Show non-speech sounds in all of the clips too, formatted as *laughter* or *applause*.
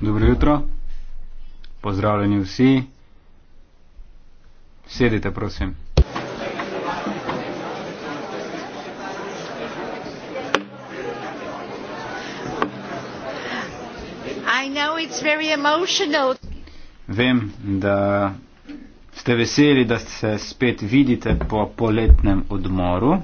Dobro jutro, pozdravljeni vsi. Sedite, prosim. Vem, da ste veseli, da se spet vidite po poletnem odmoru.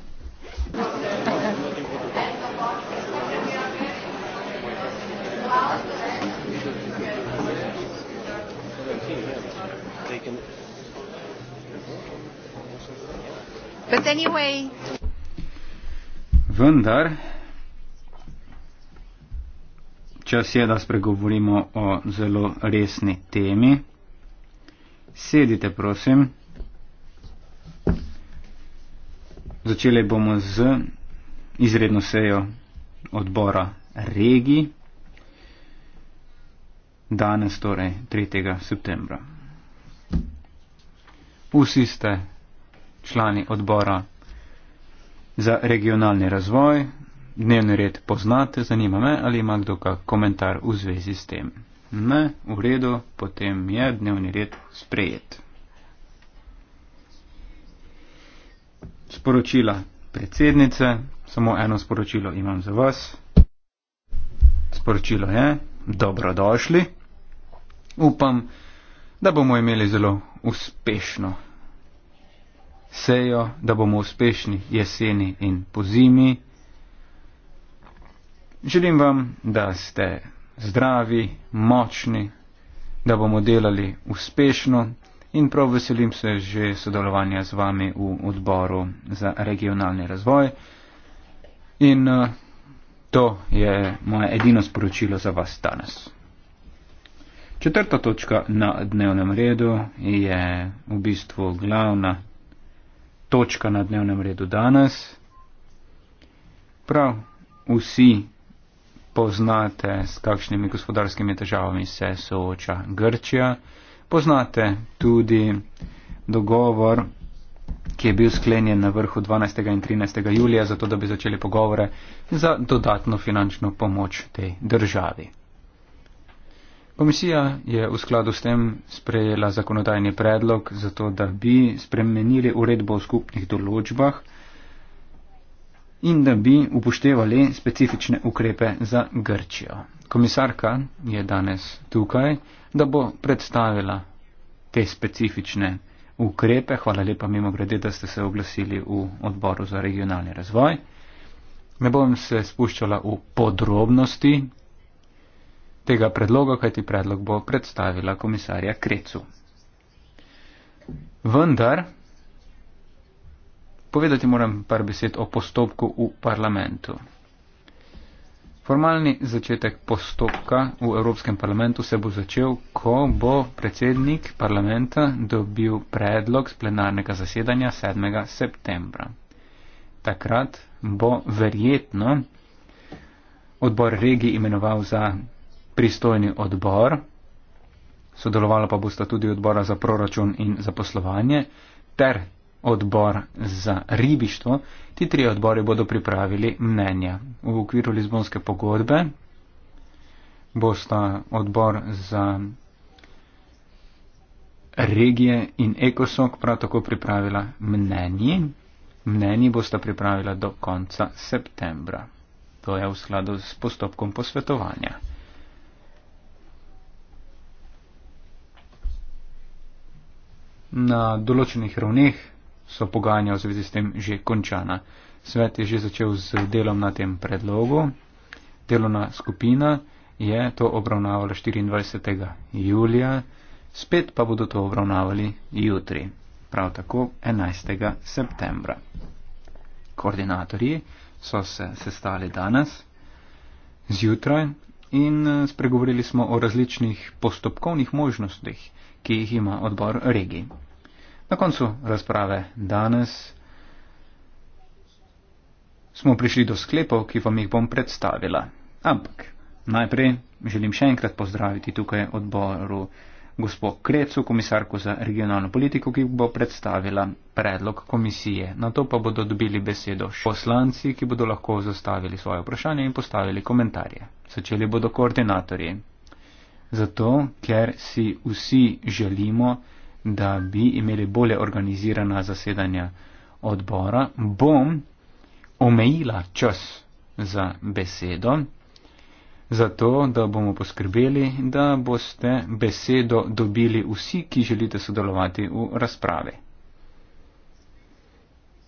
anyway... Vendar, čas je, da spregovorimo o zelo resni temi. Sedite, prosim. Začeli bomo z izredno sejo odbora regij. Danes, torej 3. septembra. Vsi ste člani odbora za regionalni razvoj. Dnevni red poznate, zanima me, ali ima kdo kak komentar v zvezi s tem. Ne, v redu, potem je dnevni red sprejet. Sporočila predsednice, samo eno sporočilo imam za vas. Sporočilo je, dobrodošli. Upam, da bomo imeli zelo uspešno sejo, da bomo uspešni jeseni in pozimi. Želim vam, da ste zdravi, močni, da bomo delali uspešno in prav veselim se že sodelovanja z vami v odboru za regionalni razvoj. In eh, to je moje edino sporočilo za vas danes. Četrta točka na dnevnem redu je v bistvu glavna točka na dnevnem redu danes. Prav, vsi poznate, s kakšnimi gospodarskimi težavami se sooča Grčija. Poznate tudi dogovor, ki je bil sklenjen na vrhu 12. in 13. julija, zato da bi začeli pogovore za dodatno finančno pomoč tej državi. Komisija je v skladu s tem sprejela zakonodajni predlog za to, da bi spremenili uredbo o skupnih določbah in da bi upoštevali specifične ukrepe za Grčijo. Komisarka je danes tukaj, da bo predstavila te specifične ukrepe. Hvala lepa mimo grede, da ste se oglasili v odboru za regionalni razvoj. Ne bom se spuščala v podrobnosti tega predloga, kajti predlog bo predstavila komisarja Krecu. Vendar, povedati moram par besed o postopku v parlamentu. Formalni začetek postopka v Evropskem parlamentu se bo začel, ko bo predsednik parlamenta dobil predlog z plenarnega zasedanja 7. septembra. Takrat bo verjetno odbor regi imenoval za pristojni odbor, sodelovala pa bosta tudi odbora za proračun in za poslovanje ter odbor za ribištvo. Ti tri odbori bodo pripravili mnenja. V okviru Lizbonske pogodbe bosta odbor za regije in ekosok prav tako pripravila mnenji. Mnenji bosta pripravila do konca septembra. To je v skladu s postopkom posvetovanja. Na določenih ravneh so pogajanja v zvezi s tem že končana. Svet je že začel z delom na tem predlogu. Delovna skupina je to obravnavala 24. julija, spet pa bodo to obravnavali jutri, prav tako 11. septembra. Koordinatorji so se sestali danes, zjutraj, in spregovorili smo o različnih postopkovnih možnostih ki jih ima odbor regij. Na koncu razprave danes smo prišli do sklepov, ki vam jih bom predstavila. Ampak najprej želim še enkrat pozdraviti tukaj odboru gospod Krecu, komisarko za regionalno politiko, ki bo predstavila predlog komisije. Na to pa bodo dobili besedo še poslanci, ki bodo lahko zastavili svoje vprašanje in postavili komentarje. Začeli bodo koordinatorji zato ker si vsi želimo, da bi imeli bolje organizirana zasedanja odbora, bom omejila čas za besedo, zato da bomo poskrbeli, da boste besedo dobili vsi, ki želite sodelovati v razprave.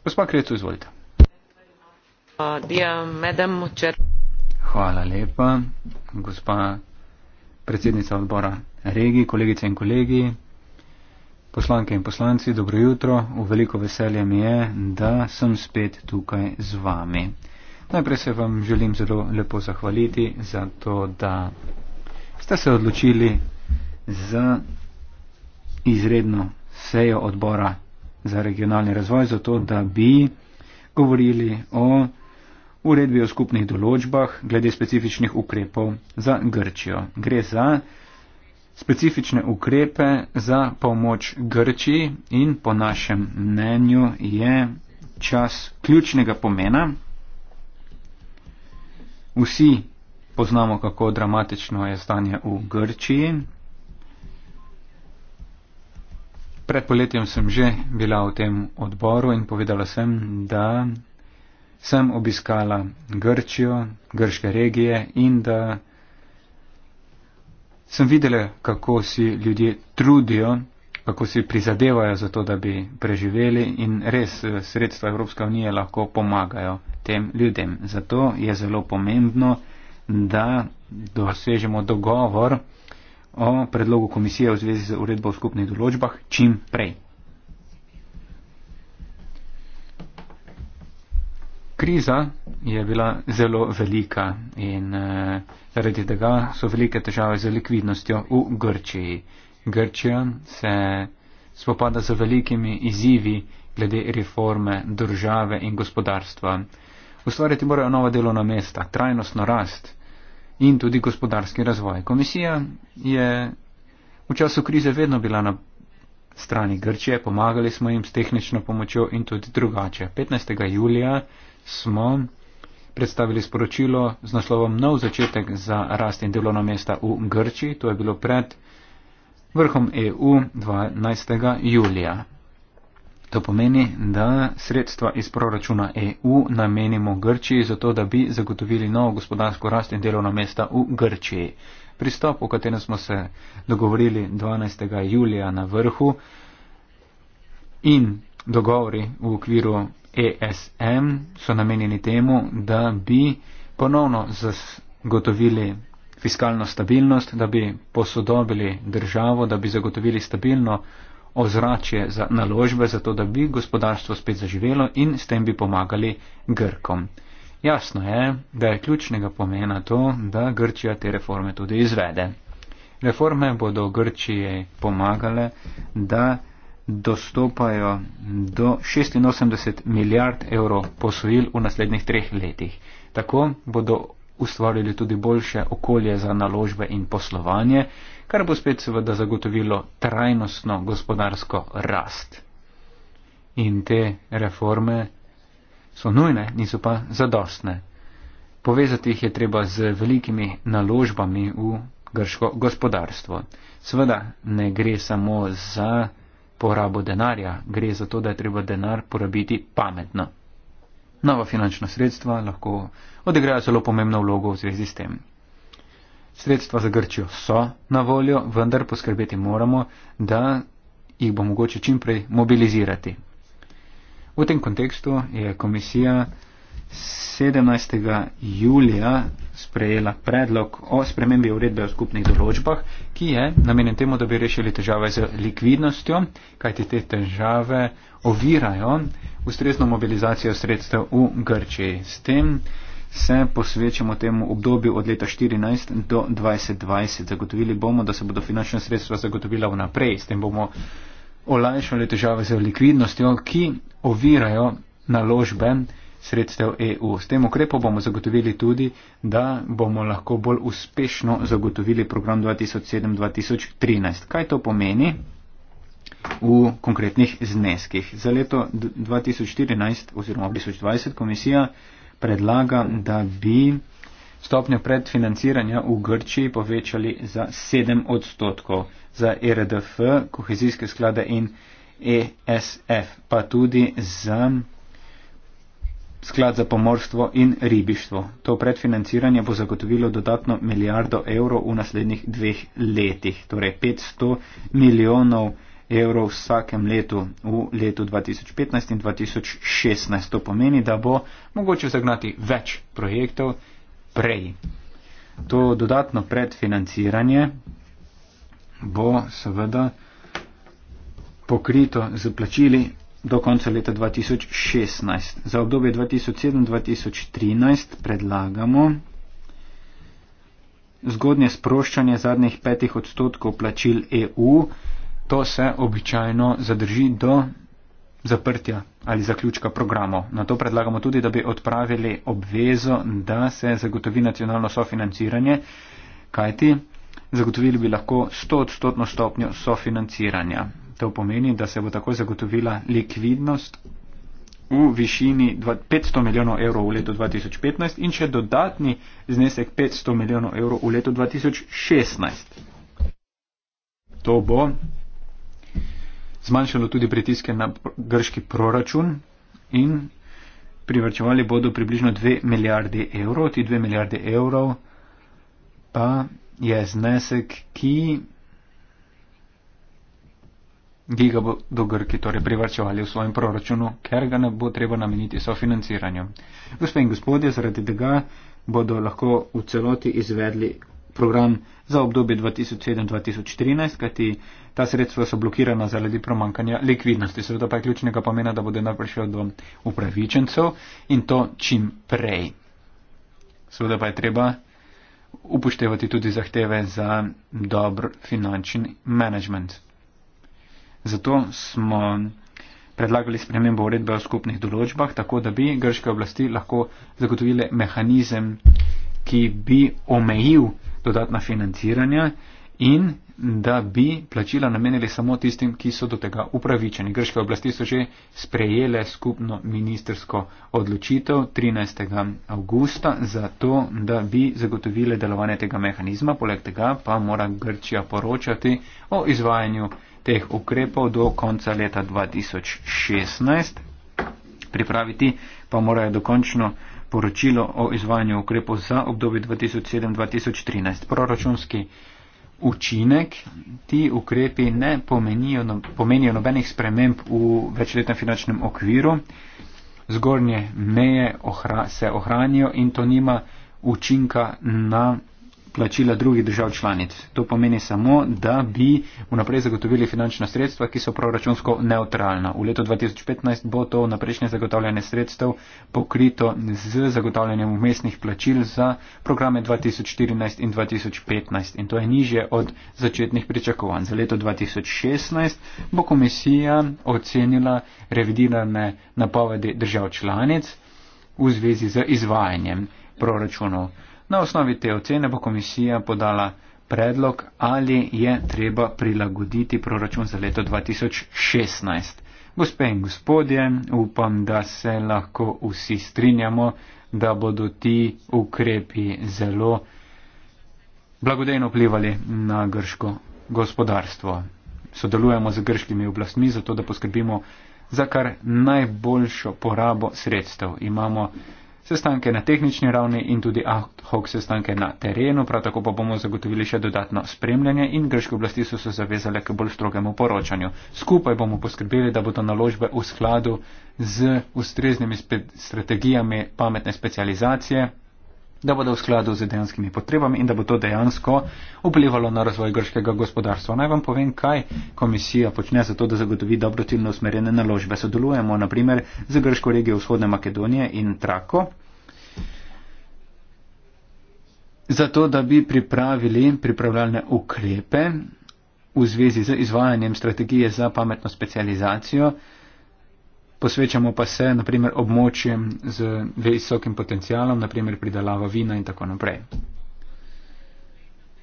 Gospa Krecu, izvolite. Hvala lepa, gospa predsednica odbora regij, kolegice in kolegi, poslanke in poslanci, dobro jutro. V veliko veselje mi je, da sem spet tukaj z vami. Najprej se vam želim zelo lepo zahvaliti za to, da ste se odločili za izredno sejo odbora za regionalni razvoj, zato da bi govorili o uredbi o skupnih določbah glede specifičnih ukrepov za Grčijo. Gre za specifične ukrepe za pomoč Grčiji in po našem mnenju je čas ključnega pomena. Vsi poznamo, kako dramatično je stanje v Grčiji. Pred poletjem sem že bila v tem odboru in povedala sem, da sem obiskala Grčijo, grške regije in da sem videla, kako si ljudje trudijo, kako si prizadevajo za to, da bi preživeli in res eh, sredstva Evropske unije lahko pomagajo tem ljudem. Zato je zelo pomembno, da dosežemo dogovor o predlogu komisije v zvezi z uredbo v skupnih določbah čim prej. kriza je bila zelo velika in eh, zaradi tega so velike težave z likvidnostjo v Grčiji. Grčija se spopada z velikimi izzivi glede reforme države in gospodarstva. Ustvariti morajo nova delovna mesta, trajnostno rast in tudi gospodarski razvoj. Komisija je v času krize vedno bila na strani Grčije, pomagali smo jim s tehnično pomočjo in tudi drugače. 15. julija smo predstavili sporočilo z naslovom Nov začetek za rast in delovna mesta v Grčiji. To je bilo pred vrhom EU 12. julija. To pomeni, da sredstva iz proračuna EU namenimo Grčiji, zato da bi zagotovili novo gospodarsko rast in delovna mesta v Grčiji. Pristop, o katerem smo se dogovorili 12. julija na vrhu in dogovori v okviru ESM so namenjeni temu, da bi ponovno zagotovili fiskalno stabilnost, da bi posodobili državo, da bi zagotovili stabilno ozračje za naložbe, zato da bi gospodarstvo spet zaživelo in s tem bi pomagali Grkom. Jasno je, da je ključnega pomena to, da Grčija te reforme tudi izvede. Reforme bodo Grčiji pomagale, da dostopajo do 86 milijard evrov posojil v naslednjih treh letih. Tako bodo ustvarili tudi boljše okolje za naložbe in poslovanje, kar bo spet seveda zagotovilo trajnostno gospodarsko rast. In te reforme so nujne, niso pa zadostne. Povezati jih je treba z velikimi naložbami v grško gospodarstvo. Seveda ne gre samo za porabo denarja, gre za to, da je treba denar porabiti pametno. Nova finančna sredstva lahko odigrajo zelo pomembno vlogo v zvezi s tem. Sredstva za Grčijo so na voljo, vendar poskrbeti moramo, da jih bo mogoče čimprej mobilizirati. V tem kontekstu je komisija 17. julija sprejela predlog o spremembi uredbe o skupnih določbah, ki je namenjen temu, da bi rešili težave z likvidnostjo, kajti te težave ovirajo ustrezno mobilizacijo sredstev v Grčiji. S tem se posvečamo temu obdobju od leta 2014 do 2020. Zagotovili bomo, da se bodo finančne sredstva zagotovila vnaprej. S tem bomo olajšali težave z likvidnostjo, ki ovirajo naložbe sredstev EU. S tem ukrepom bomo zagotovili tudi, da bomo lahko bolj uspešno zagotovili program 2007-2013. Kaj to pomeni v konkretnih zneskih? Za leto 2014 oziroma 2020 komisija predlaga, da bi stopnjo predfinanciranja v Grčiji povečali za 7 odstotkov za e RDF, kohezijske sklade in ESF, pa tudi za sklad za pomorstvo in ribištvo. To predfinanciranje bo zagotovilo dodatno milijardo evrov v naslednjih dveh letih, torej 500 milijonov evrov vsakem letu v letu 2015 in 2016. To pomeni, da bo mogoče zagnati več projektov prej. To dodatno predfinanciranje bo seveda pokrito z plačili do konca leta 2016. Za obdobje 2007-2013 predlagamo zgodnje sproščanje zadnjih petih odstotkov plačil EU. To se običajno zadrži do zaprtja ali zaključka programov. Na to predlagamo tudi, da bi odpravili obvezo, da se zagotovi nacionalno sofinanciranje, kajti zagotovili bi lahko 100-odstotno stopnjo sofinanciranja. To pomeni, da se bo tako zagotovila likvidnost v višini 500 milijonov evrov v letu 2015 in še dodatni znesek 500 milijonov evrov v letu 2016. To bo zmanjšalo tudi pritiske na grški proračun in privrčevali bodo približno 2 milijarde evrov. Ti 2 milijarde evrov pa je znesek, ki ki ga bodo Grki torej privrčevali v svojem proračunu, ker ga ne bo treba nameniti sofinanciranju. Gospe in gospodje, zaradi tega bodo lahko v celoti izvedli program za obdobje 2007-2013, kajti ta sredstva so blokirana zaradi promankanja likvidnosti. Seveda pa je ključnega pomena, da bodo naprišel do upravičencev in to čim prej. Seveda pa je treba upoštevati tudi zahteve za dober finančni management. Zato smo predlagali spremembo uredbe o skupnih določbah, tako da bi grške oblasti lahko zagotovile mehanizem, ki bi omejil dodatna financiranja in da bi plačila namenili samo tistim, ki so do tega upravičeni. Grške oblasti so že sprejele skupno ministersko odločitev 13. avgusta za to, da bi zagotovile delovanje tega mehanizma. Poleg tega pa mora Grčija poročati o izvajanju teh ukrepov do konca leta 2016. Pripraviti pa morajo dokončno poročilo o izvajanju ukrepov za obdobje 2007-2013. Proračunski učinek, ti ukrepi ne pomenijo, no-, pomenijo nobenih sprememb v večletnem finančnem okviru. Zgornje meje ohra, se ohranijo in to nima učinka na plačila drugih držav članic. To pomeni samo, da bi vnaprej zagotovili finančna sredstva, ki so proračunsko neutralna. V letu 2015 bo to vnaprejšnje zagotavljanje sredstev pokrito z zagotavljanjem umestnih plačil za programe 2014 in 2015 in to je niže od začetnih pričakovanj. Za leto 2016 bo komisija ocenila revidirane napovedi držav članic v zvezi z izvajanjem proračunov. Na osnovi te ocene bo komisija podala predlog, ali je treba prilagoditi proračun za leto 2016. Gospe in gospodje, upam, da se lahko vsi strinjamo, da bodo ti ukrepi zelo blagodejno vplivali na grško gospodarstvo. Sodelujemo z grškimi oblastmi, zato da poskrbimo za kar najboljšo porabo sredstev. Imamo sestanke na tehnični ravni in tudi ad hoc sestanke na terenu, prav tako pa bomo zagotovili še dodatno spremljanje in grške oblasti so se zavezale k bolj strogemu poročanju. Skupaj bomo poskrbeli, da bodo naložbe v skladu z ustreznimi spe strategijami pametne specializacije da bodo v skladu z edenskimi potrebami in da bo to dejansko vplivalo na razvoj grškega gospodarstva. Naj vam povem, kaj komisija počne za to, da zagotovi dobrotilno usmerjene naložbe. Sodelujemo naprimer z grško regijo vzhodne Makedonije in Trako, zato da bi pripravili pripravljalne ukrepe v zvezi z izvajanjem strategije za pametno specializacijo, posvečamo pa se naprimer območjem z visokim potencialom, naprimer pridelava vina in tako naprej.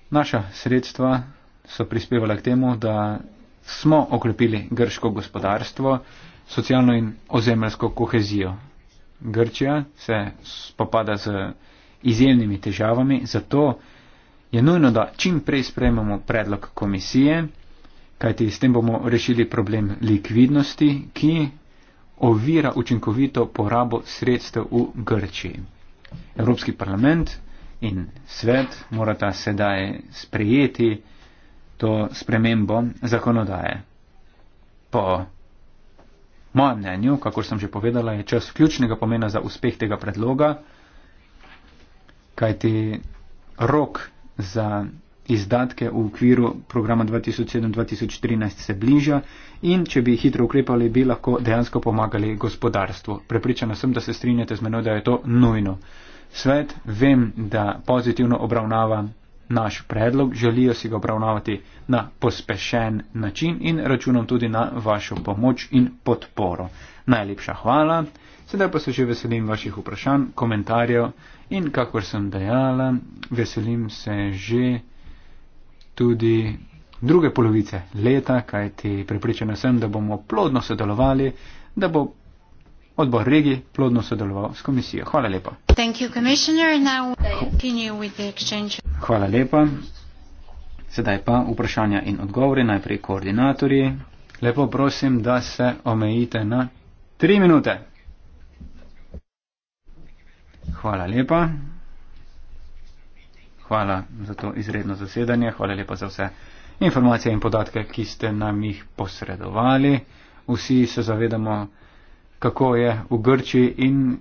Naša sredstva so prispevala k temu, da smo okrepili grško gospodarstvo, socialno in ozemelsko kohezijo. Grčija se spopada z izjemnimi težavami, zato je nujno, da čim prej sprejmemo predlog komisije, kajti s tem bomo rešili problem likvidnosti, ki ovira učinkovito porabo sredstev v Grčiji. Evropski parlament in svet morata sedaj sprejeti to spremembo zakonodaje. Po mojem mnenju, kako sem že povedala, je čas ključnega pomena za uspeh tega predloga, kajti rok za izdatke v okviru programa 2007-2013 se bliža in če bi hitro ukrepali, bi lahko dejansko pomagali gospodarstvu. Prepričana sem, da se strinjate z menoj, da je to nujno. Svet vem, da pozitivno obravnava naš predlog, želijo si ga obravnavati na pospešen način in računam tudi na vašo pomoč in podporo. Najlepša hvala, sedaj pa se že veselim vaših vprašanj, komentarjev in kakor sem dejala, veselim se že tudi druge polovice leta, kajti prepričana sem, da bomo plodno sodelovali, da bo odbor regi plodno sodeloval s komisijo. Hvala lepa. Hvala lepa. Sedaj pa vprašanja in odgovori, najprej koordinatorji. Lepo prosim, da se omejite na tri minute. Hvala lepa hvala za to izredno zasedanje, hvala lepa za vse informacije in podatke, ki ste nam jih posredovali. Vsi se zavedamo, kako je v Grči in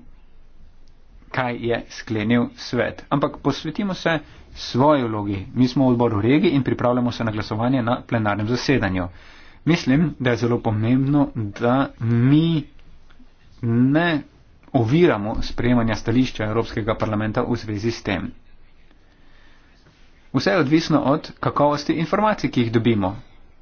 kaj je sklenil svet. Ampak posvetimo se svoji vlogi. Mi smo v odboru regi in pripravljamo se na glasovanje na plenarnem zasedanju. Mislim, da je zelo pomembno, da mi ne oviramo sprejemanja stališča Evropskega parlamenta v zvezi s tem. Vse je odvisno od kakovosti informacij, ki jih dobimo.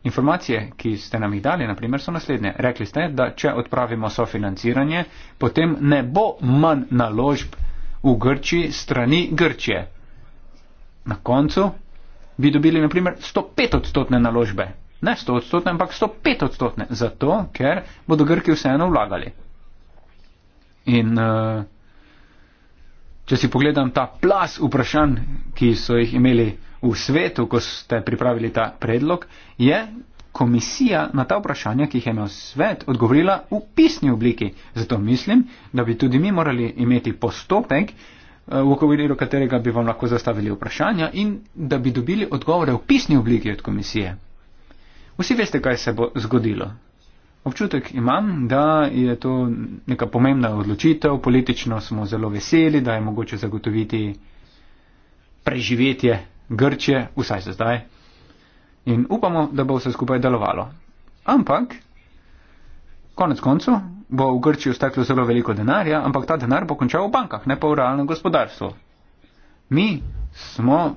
Informacije, ki ste nam jih dali, naprimer, so naslednje. Rekli ste, da če odpravimo sofinanciranje, potem ne bo manj naložb v Grči strani Grčije. Na koncu bi dobili naprimer 105 odstotne naložbe. Ne 100 odstotne, ampak 105 odstotne. Zato, ker bodo Grki vseeno vlagali. In uh, Če si pogledam ta plas vprašanj, ki so jih imeli v svetu, ko ste pripravili ta predlog, je komisija na ta vprašanja, ki jih je imel svet, odgovorila v pisni obliki. Zato mislim, da bi tudi mi morali imeti postopek, eh, v okviru katerega bi vam lahko zastavili vprašanja in da bi dobili odgovore v pisni obliki od komisije. Vsi veste, kaj se bo zgodilo. Občutek imam, da je to neka pomembna odločitev, politično smo zelo veseli, da je mogoče zagotoviti preživetje Grčije, vsaj za zdaj. In upamo, da bo vse skupaj delovalo. Ampak, konec koncu, bo v Grčiji ostalo zelo veliko denarja, ampak ta denar bo končal v bankah, ne pa v realnem gospodarstvu. Mi smo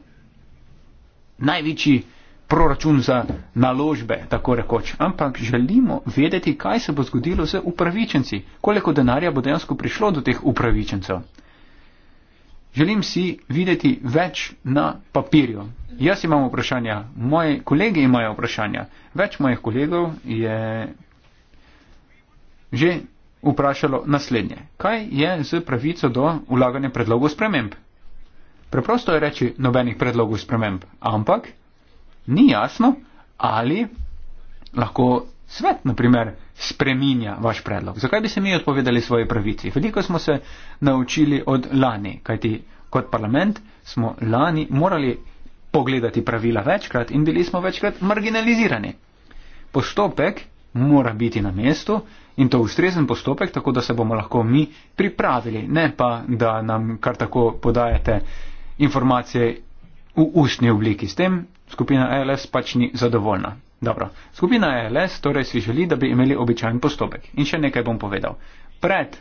največji proračun za naložbe, tako rekoč. Ampak želimo vedeti, kaj se bo zgodilo z upravičenci, koliko denarja bo dejansko prišlo do teh upravičencev. Želim si videti več na papirju. Jaz imam vprašanja, moji kolegi imajo vprašanja. Več mojih kolegov je že vprašalo naslednje. Kaj je z pravico do vlaganja predlogov sprememb? Preprosto je reči nobenih predlogov sprememb, ampak ni jasno, ali lahko svet, naprimer, spreminja vaš predlog. Zakaj bi se mi odpovedali svoji pravici? Veliko smo se naučili od lani, kajti kot parlament smo lani morali pogledati pravila večkrat in bili smo večkrat marginalizirani. Postopek mora biti na mestu in to ustrezen postopek, tako da se bomo lahko mi pripravili, ne pa, da nam kar tako podajate informacije v ustni obliki. S tem skupina ALS pač ni zadovoljna. Dobro. Skupina ALS torej si želi, da bi imeli običajen postopek. In še nekaj bom povedal. Pred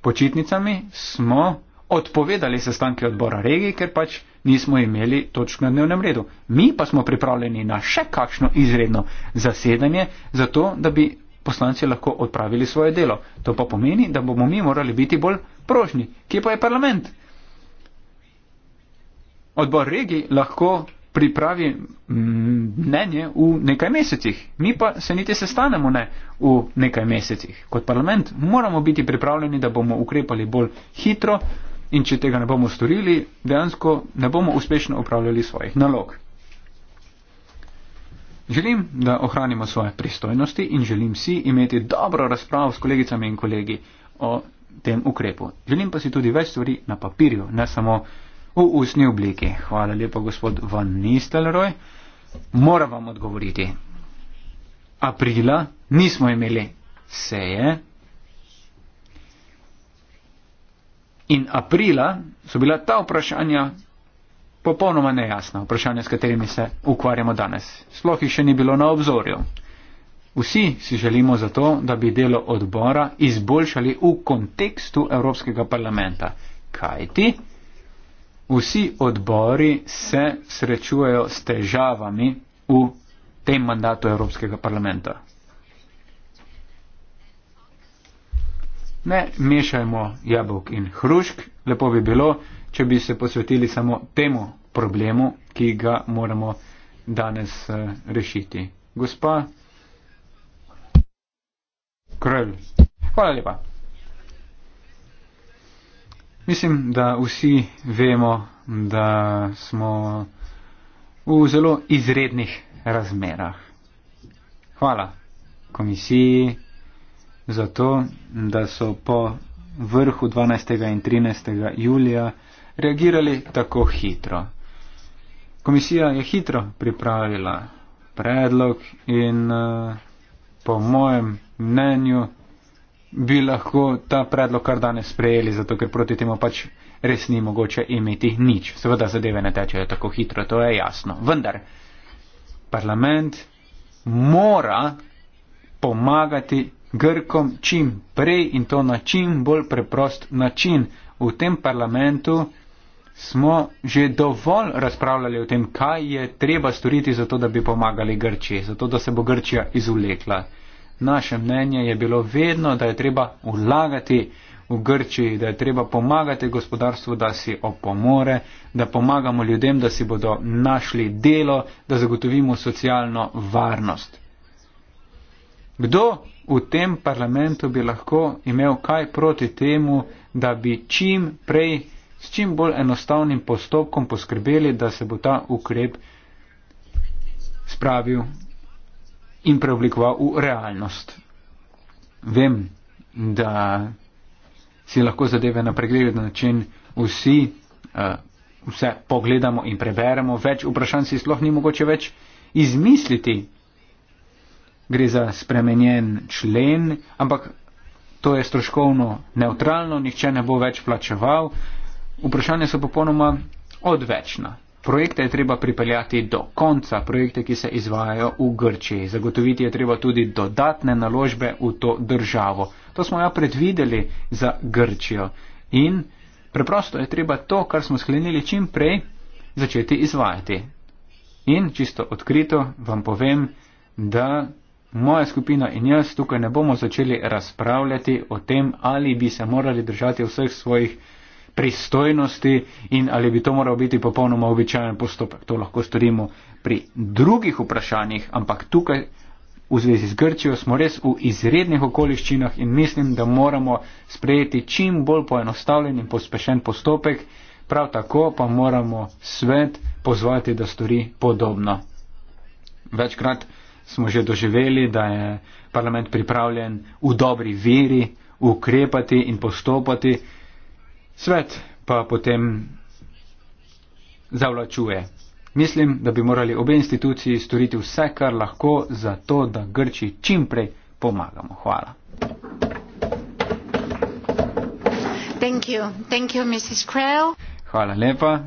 počitnicami smo odpovedali sestanke odbora regij, ker pač nismo imeli točk na dnevnem redu. Mi pa smo pripravljeni na še kakšno izredno zasedanje, zato da bi poslanci lahko odpravili svoje delo. To pa pomeni, da bomo mi morali biti bolj prožni. Kje pa je parlament? Odbor regij lahko pripravi mm, mnenje v nekaj mesecih. Mi pa se niti sestanemo ne v nekaj mesecih. Kot parlament moramo biti pripravljeni, da bomo ukrepali bolj hitro in če tega ne bomo storili, dejansko ne bomo uspešno upravljali svojih nalog. Želim, da ohranimo svoje pristojnosti in želim si imeti dobro razpravo s kolegicami in kolegi o tem ukrepu. Želim pa si tudi več stvari na papirju, ne samo v ustni obliki. Hvala lepa, gospod Van Nistelrooy. Moram vam odgovoriti. Aprila nismo imeli seje in aprila so bila ta vprašanja popolnoma nejasna, vprašanja, s katerimi se ukvarjamo danes. Sloh jih še ni bilo na obzorju. Vsi si želimo zato, da bi delo odbora izboljšali v kontekstu Evropskega parlamenta. Kaj ti? Vsi odbori se srečujejo s težavami v tem mandatu Evropskega parlamenta. Ne mešajmo jabolk in hrušk, lepo bi bilo, če bi se posvetili samo temu problemu, ki ga moramo danes eh, rešiti. Gospa Krl, hvala lepa. Mislim, da vsi vemo, da smo v zelo izrednih razmerah. Hvala komisiji za to, da so po vrhu 12. in 13. julija reagirali tako hitro. Komisija je hitro pripravila predlog in po mojem mnenju bi lahko ta predlog kar danes sprejeli, zato ker proti temu pač res ni mogoče imeti nič. Seveda zadeve ne tečejo tako hitro, to je jasno. Vendar parlament mora pomagati Grkom čim prej in to na čim bolj preprost način. V tem parlamentu smo že dovolj razpravljali o tem, kaj je treba storiti, zato da bi pomagali Grčiji, zato da se bo Grčija izulekla naše mnenje je bilo vedno, da je treba vlagati v Grčiji, da je treba pomagati gospodarstvu, da si opomore, da pomagamo ljudem, da si bodo našli delo, da zagotovimo socialno varnost. Kdo v tem parlamentu bi lahko imel kaj proti temu, da bi čim prej s čim bolj enostavnim postopkom poskrbeli, da se bo ta ukrep spravil in preoblikoval v realnost. Vem, da si lahko zadeve na pregled način vsi uh, vse pogledamo in preberemo, več vprašanj si sploh ni mogoče več izmisliti. Gre za spremenjen člen, ampak to je stroškovno neutralno, nihče ne bo več plačeval. Vprašanja so popolnoma odvečna. Projekte je treba pripeljati do konca, projekte, ki se izvajajo v Grčiji. Zagotoviti je treba tudi dodatne naložbe v to državo. To smo ja predvideli za Grčijo. In preprosto je treba to, kar smo sklenili čim prej, začeti izvajati. In čisto odkrito vam povem, da moja skupina in jaz tukaj ne bomo začeli razpravljati o tem, ali bi se morali držati vseh svojih pristojnosti in ali bi to moral biti popolnoma običajen postopek. To lahko storimo pri drugih vprašanjih, ampak tukaj v zvezi z Grčijo smo res v izrednih okoliščinah in mislim, da moramo sprejeti čim bolj poenostavljen in pospešen postopek, prav tako pa moramo svet pozvati, da stori podobno. Večkrat smo že doživeli, da je parlament pripravljen v dobri veri ukrepati in postopati, svet pa potem zavlačuje. Mislim, da bi morali obe instituciji storiti vse, kar lahko, za to, da Grči čim prej pomagamo. Hvala. Thank you. Thank you, Hvala lepa.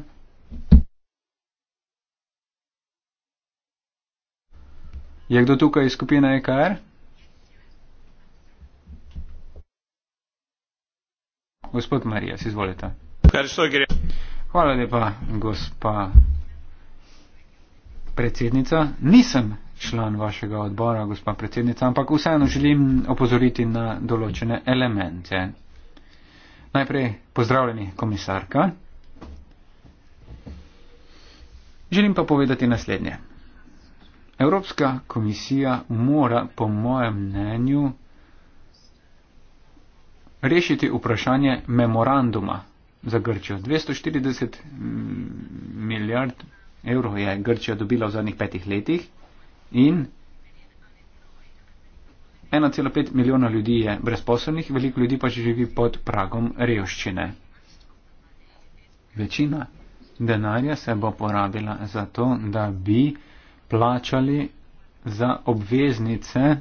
Je kdo tukaj iz skupine EKR? Gospod Marijas, izvolite. Kar so gre. Hvala lepa, gospa predsednica. Nisem član vašega odbora, gospa predsednica, ampak vseeno želim opozoriti na določene elemente. Najprej pozdravljeni, komisarka. Želim pa povedati naslednje. Evropska komisija mora, po mojem mnenju, rešiti vprašanje memoranduma za Grčijo. 240 mm, milijard evrov je Grčija dobila v zadnjih petih letih in 1,5 milijona ljudi je brezposobnih, veliko ljudi pa živi pod pragom revščine. Večina denarja se bo porabila za to, da bi plačali za obveznice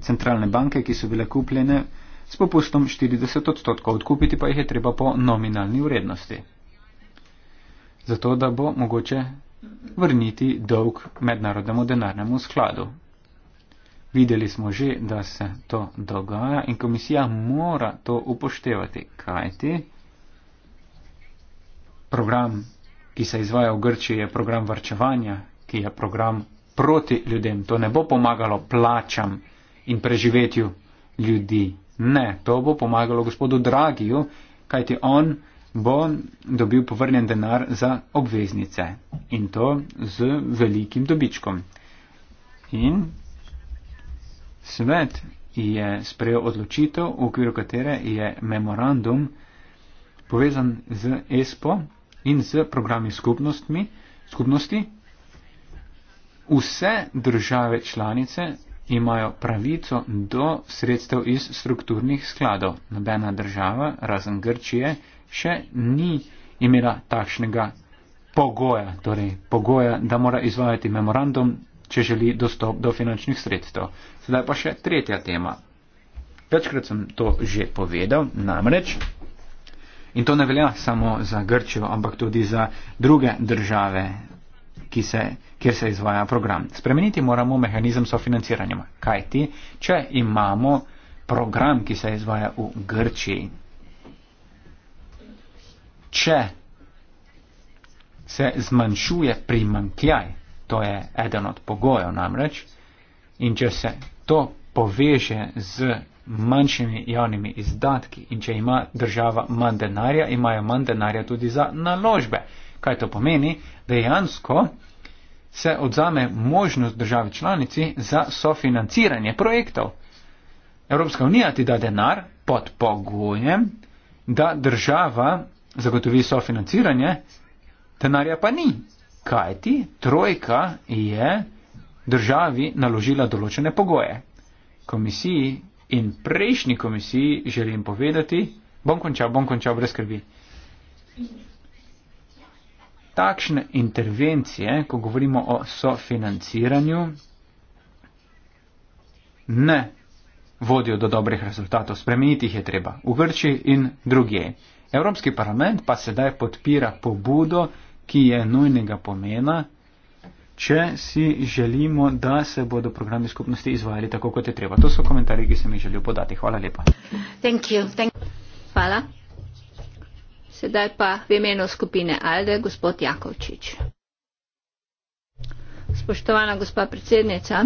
centralne banke, ki so bile kupljene s popustom 40 odstotkov, odkupiti pa jih je treba po nominalni vrednosti. Zato, da bo mogoče vrniti dolg mednarodnemu denarnemu skladu. Videli smo že, da se to dogaja in komisija mora to upoštevati, kajti program, ki se izvaja v Grčiji, je program varčevanja, ki je program proti ljudem. To ne bo pomagalo plačam in preživetju ljudi. Ne, to bo pomagalo gospodu Dragiju, kajti on bo dobil povrnjen denar za obveznice in to z velikim dobičkom. In svet je sprejel odločitev, v okviru katere je memorandum povezan z ESPO in z programi skupnosti. Vse države članice imajo pravico do sredstev iz strukturnih skladov. Nobena država, razen Grčije, še ni imela takšnega pogoja, torej pogoja, da mora izvajati memorandum, če želi dostop do finančnih sredstev. Sedaj pa še tretja tema. Večkrat sem to že povedal, namreč, in to ne velja samo za Grčijo, ampak tudi za druge države ki se, kjer se izvaja program. Spremeniti moramo mehanizem sofinanciranja. Kaj ti, če imamo program, ki se izvaja v Grčiji, če se zmanjšuje primankljaj, to je eden od pogojev namreč, in če se to poveže z manjšimi javnimi izdatki in če ima država manj denarja, imajo manj denarja tudi za naložbe. Kaj to pomeni? Dejansko se odzame možnost državi članici za sofinanciranje projektov. Evropska unija ti da denar pod pogojem, da država zagotovi sofinanciranje, denarja pa ni. Kaj ti? Trojka je državi naložila določene pogoje. Komisiji in prejšnji komisiji želim povedati, bom končal, bom končal brez skrbi takšne intervencije, ko govorimo o sofinanciranju, ne vodijo do dobrih rezultatov. Spremeniti jih je treba v Grči in drugje. Evropski parlament pa sedaj podpira pobudo, ki je nujnega pomena, če si želimo, da se bodo programi skupnosti izvajali tako, kot je treba. To so komentarji, ki sem jih želel podati. Hvala lepa. Thank you. Thank you. Hvala. Sedaj pa v imenu skupine Alde, gospod Jakovčič. Spoštovana gospa predsednica,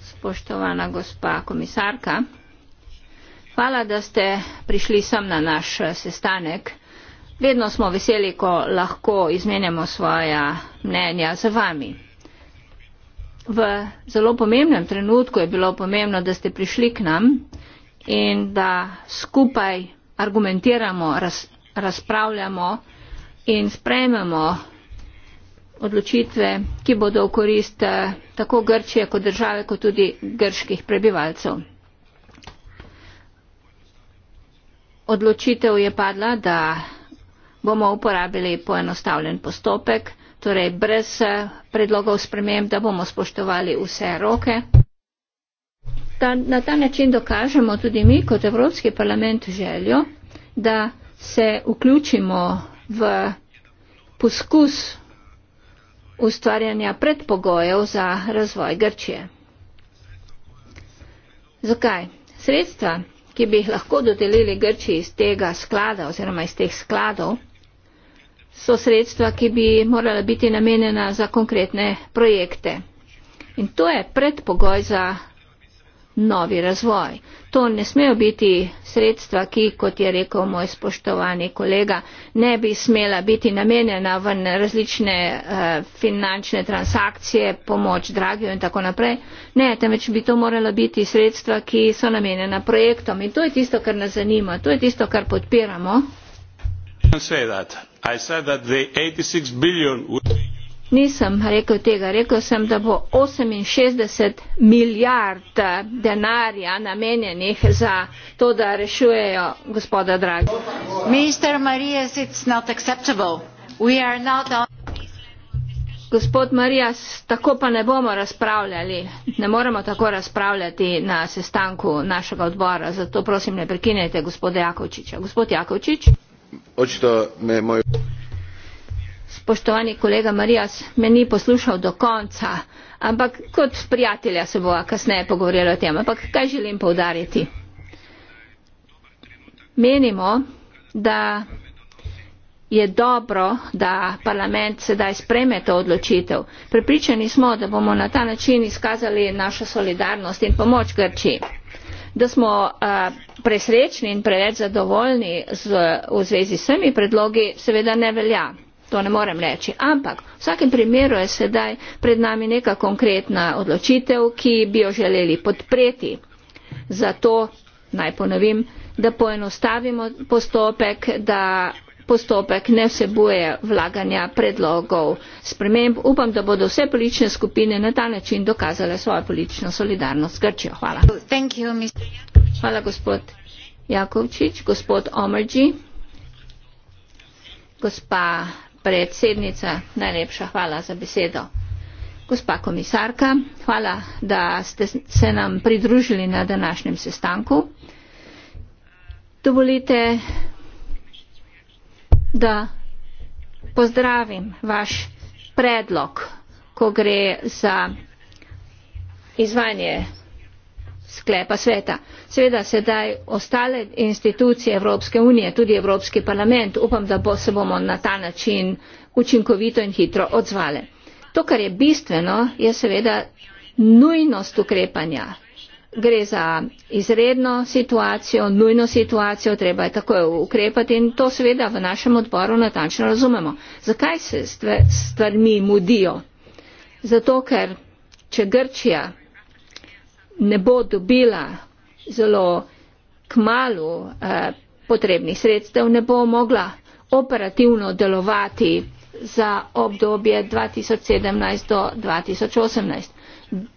spoštovana gospa komisarka, hvala, da ste prišli sem na naš eh, sestanek. Vedno smo veseli, ko lahko izmenjamo svoja mnenja z vami. V zelo pomembnem trenutku je bilo pomembno, da ste prišli k nam in da skupaj argumentiramo razpravljamo in sprejmemo odločitve ki bodo v korist eh, tako grčije kot države kot tudi grških prebivalcev. odločitev je padla da bomo uporabili poenostavljen postopek torej brez eh, predlogov sprememb da bomo spoštovali vse roke ta, na ta način dokažemo tudi mi kot Evropski parlament željo, da se vključimo v poskus ustvarjanja predpogojev za razvoj Grčije. Zakaj? Sredstva, ki bi jih lahko dodelili Grčiji iz tega sklada oziroma iz teh skladov, so sredstva, ki bi morala biti namenjena za konkretne projekte. In to je predpogoj za novi razvoj. To ne smejo biti sredstva, ki, kot je rekel moj spoštovani kolega, ne bi smela biti namenjena v različne uh, finančne transakcije, pomoč dragijo in tako naprej. Ne, temveč bi to moralo biti sredstva, ki so namenjena projektom. In to je tisto, kar nas zanima, to je tisto, kar podpiramo. I said that the 86 billion would be Nisem rekel tega, rekel sem, da bo 68 milijard denarja namenjenih za to, da rešujejo gospoda Draga. Minister Marijas, it's not acceptable. We are not on. Gospod Marijas, tako pa ne bomo razpravljali, ne moremo tako razpravljati na sestanku našega odbora, zato prosim ne prekinjajte gospoda Jakovčiča. Gospod Jakovčič. Očito me moj spoštovani kolega marias me ni poslušal do konca ampak kot prijatelja se bova kasneje pogovorila o tem ampak kaj želim poudariti menimo da je dobro da parlament sedaj spreme to odločitev prepričani smo da bomo na ta način izkazali našo solidarnost in pomoč grčiji da smo uh, presrečni in preveč zadovoljni z, v zvezi s vsemi predlogi seveda ne velja to ne morem reči. Ampak v vsakem primeru je sedaj pred nami neka konkretna odločitev, ki bi jo želeli podpreti. Zato naj ponovim, da poenostavimo postopek, da postopek ne vsebuje vlaganja predlogov sprememb. Upam, da bodo vse politične skupine na ta način dokazale svojo politično solidarnost z Grčijo. Hvala. You, Hvala, gospod Jakovčič. Gospod Omerđi. Gospa predsednica, najlepša hvala za besedo. Gospa komisarka, hvala, da ste se nam pridružili na današnjem sestanku. Dovolite, da pozdravim vaš predlog, ko gre za izvanje sklepa sveta. Seveda sedaj ostale institucije Evropske unije, tudi Evropski parlament, upam, da bo, se bomo na ta način učinkovito in hitro odzvali. To, kar je bistveno, je seveda nujnost ukrepanja. Gre za izredno situacijo, nujno situacijo, treba je takoj ukrepati in to seveda v našem odboru natančno razumemo. Zakaj se stvarmi mudijo? Zato, ker če Grčija ne bo dobila zelo kmalo eh, potrebnih sredstev, ne bo mogla operativno delovati za obdobje 2017 do 2018.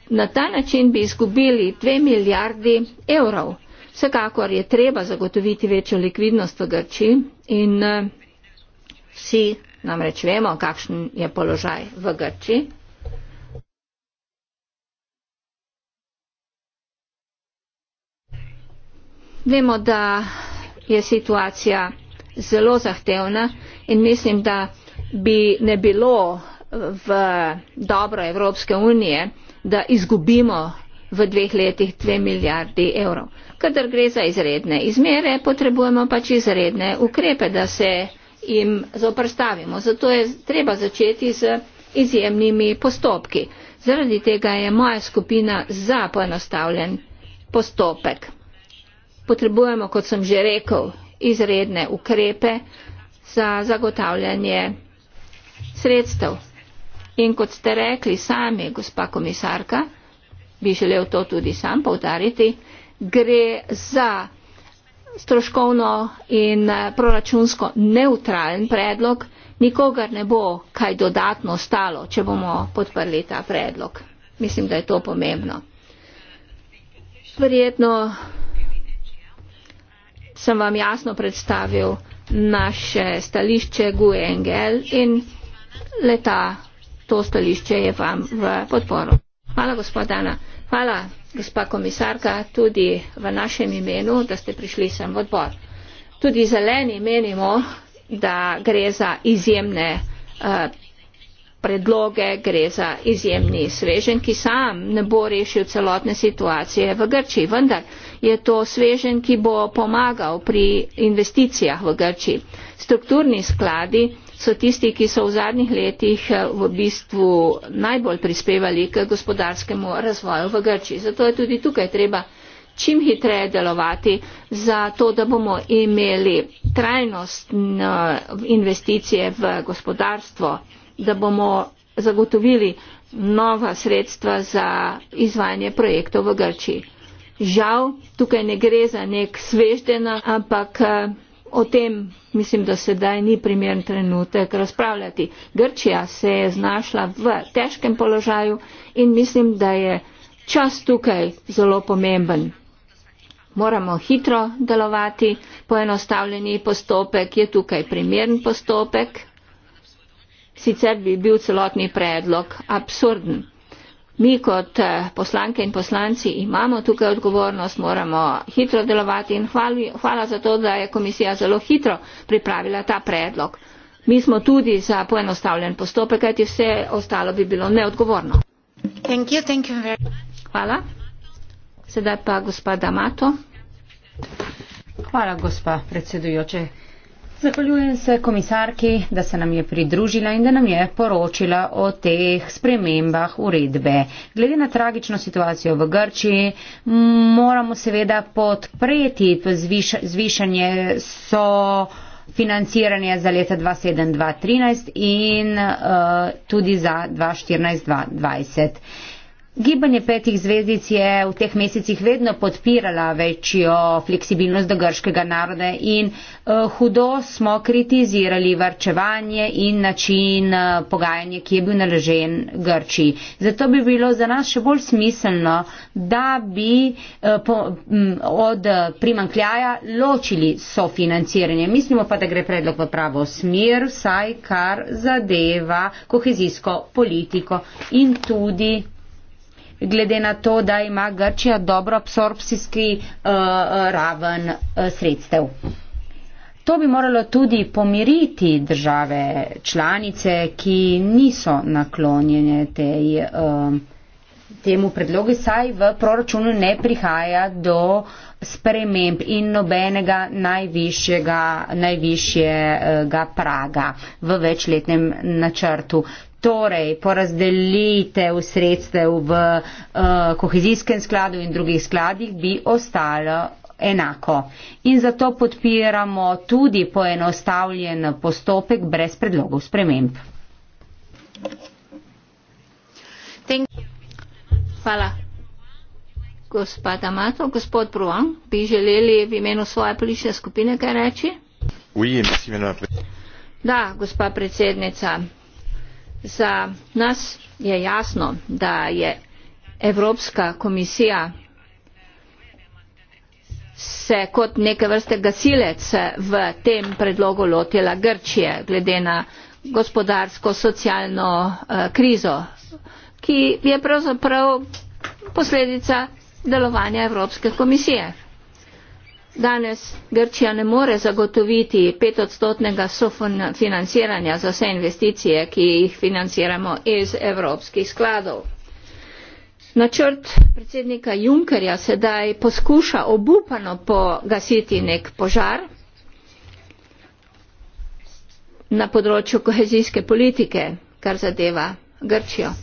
Na ta način bi izgubili 2 milijardi evrov. Vsekakor je treba zagotoviti večjo likvidnost v Grči in eh, vsi namreč vemo, kakšen je položaj v Grči. Vemo, da je situacija zelo zahtevna in mislim, da bi ne bilo v dobro Evropske unije, da izgubimo v dveh letih dve milijardi evrov. Kadar gre za izredne izmere, potrebujemo pač izredne ukrepe, da se jim zoprstavimo. Zato je treba začeti z izjemnimi postopki. Zaradi tega je moja skupina za poenostavljen postopek potrebujemo, kot sem že rekel, izredne ukrepe za zagotavljanje sredstev. In kot ste rekli sami, gospa komisarka, bi želel to tudi sam povdariti, gre za stroškovno in eh, proračunsko neutralen predlog, nikogar ne bo kaj dodatno stalo, če bomo podprli ta predlog. Mislim, da je to pomembno. Verjetno sem vam jasno predstavil naše stališče GUE-NGL in leta to stališče je vam v podporo. Hvala, gospod Dana. Hvala, gospa komisarka, tudi v našem imenu, da ste prišli sem v odbor. Tudi zeleni menimo, da gre za izjemne uh, predloge, gre za izjemni svežen, ki sam ne bo rešil celotne situacije v Grčiji, vendar je to svežen, ki bo pomagal pri investicijah v Grčiji. Strukturni skladi so tisti, ki so v zadnjih letih eh, v bistvu najbolj prispevali k gospodarskemu razvoju v Grčiji. Zato je tudi tukaj treba čim hitreje delovati za to, da bomo imeli trajnostne investicije v gospodarstvo da bomo zagotovili nova sredstva za izvajanje projektov v Grčiji. Žal, tukaj ne gre za nek sveždena, ampak eh, o tem mislim, da sedaj ni primern trenutek razpravljati. Grčija se je znašla v težkem položaju in mislim, da je čas tukaj zelo pomemben. Moramo hitro delovati, poenostavljeni postopek je tukaj primern postopek, sicer bi bil celotni predlog absurden. Mi kot eh, poslanke in poslanci imamo tukaj odgovornost, moramo hitro delovati in hvala, hvala za to, da je komisija zelo hitro pripravila ta predlog. Mi smo tudi za poenostavljen postopek, kajti vse ostalo bi bilo neodgovorno. Thank you, thank you very... Hvala. Sedaj pa gospa Damato. Hvala, gospa predsedujoče. Zahvaljujem se komisarki, da se nam je pridružila in da nam je poročila o teh spremembah uredbe. Glede na tragično situacijo v Grčiji moramo seveda podpreti zvišanje so financiranje za leta 2007-2013 in uh, tudi za 2014-2020. Uh, Gibanje petih zvezdic je v teh mesecih vedno podpirala večjo fleksibilnost do grškega naroda in eh, hudo smo kritizirali varčevanje in način eh, pogajanja, ki je bil naležen Grčiji. Zato bi bilo za nas še bolj smiselno, da bi eh, od primankljaja ločili sofinanciranje. Mislimo pa, da gre predlog v pravo smer, saj kar zadeva kohezijsko politiko in tudi glede na to, da ima Grčija dobro absorpcijski uh, raven uh, sredstev. To bi moralo tudi pomiriti države članice, ki niso naklonjene tej, temu predlogu, saj v proračunu ne prihaja do sprememb in nobenega najvišjega, najvišjega praga v večletnem načrtu torej porazdelite v sredstve v uh, kohezijskem skladu in drugih skladih, bi ostalo enako. In zato podpiramo tudi poenostavljen postopek brez predlogov sprememb. Hvala. Gospod Amato, gospod Bruan, bi želeli v imenu svoje politične skupine kaj reči? Da, gospa predsednica, Za nas je jasno, da je Evropska komisija se kot neke vrste gasilec v tem predlogu lotila Grčije, glede na gospodarsko, socialno eh, krizo, ki je pravzaprav posledica delovanja Evropske komisije. Danes Grčija ne more zagotoviti petodstotnega sofinanciranja za vse investicije, ki jih financiramo iz evropskih skladov. Načrt predsednika Junkerja sedaj poskuša obupano pogasiti nek požar na področju kohezijske politike, kar zadeva Grčijo.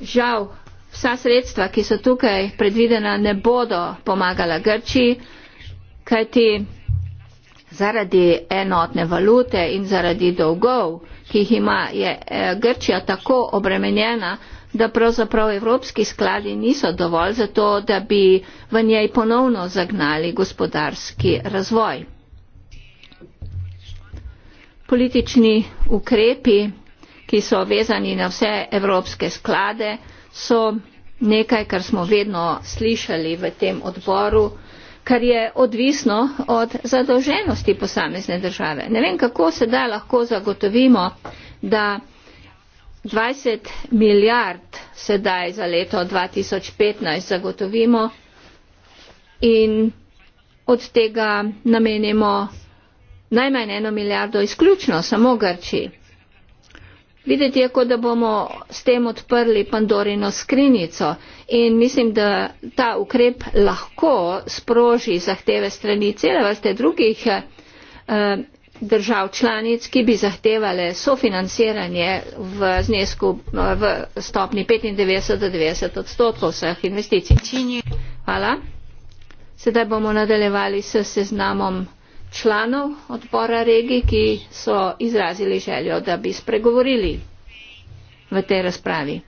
Žal vsa sredstva, ki so tukaj predvidena, ne bodo pomagala Grčiji, kajti zaradi enotne valute in zaradi dolgov, ki jih ima, je eh, Grčija tako obremenjena, da pravzaprav evropski skladi niso dovolj za to, da bi v njej ponovno zagnali gospodarski razvoj. Politični ukrepi, ki so vezani na vse evropske sklade, so nekaj kar smo vedno slišali v tem odboru kar je odvisno od zadolženosti posamezne države. Ne vem, kako sedaj lahko zagotovimo, da 20 milijard sedaj za leto 2015 zagotovimo in od tega namenimo najmanj eno milijardo izključno samo Grčiji. Videti je, kot da bomo s tem odprli Pandorino skrinjico in mislim, da ta ukrep lahko sproži zahteve strani cele vrste drugih eh, držav članic, ki bi zahtevale sofinanciranje v znesku v stopni 95 do 90 odstotkov vseh investicij. Hvala. Sedaj bomo nadaljevali s seznamom članov odbora regij, ki so izrazili željo, da bi spregovorili v tej razpravi.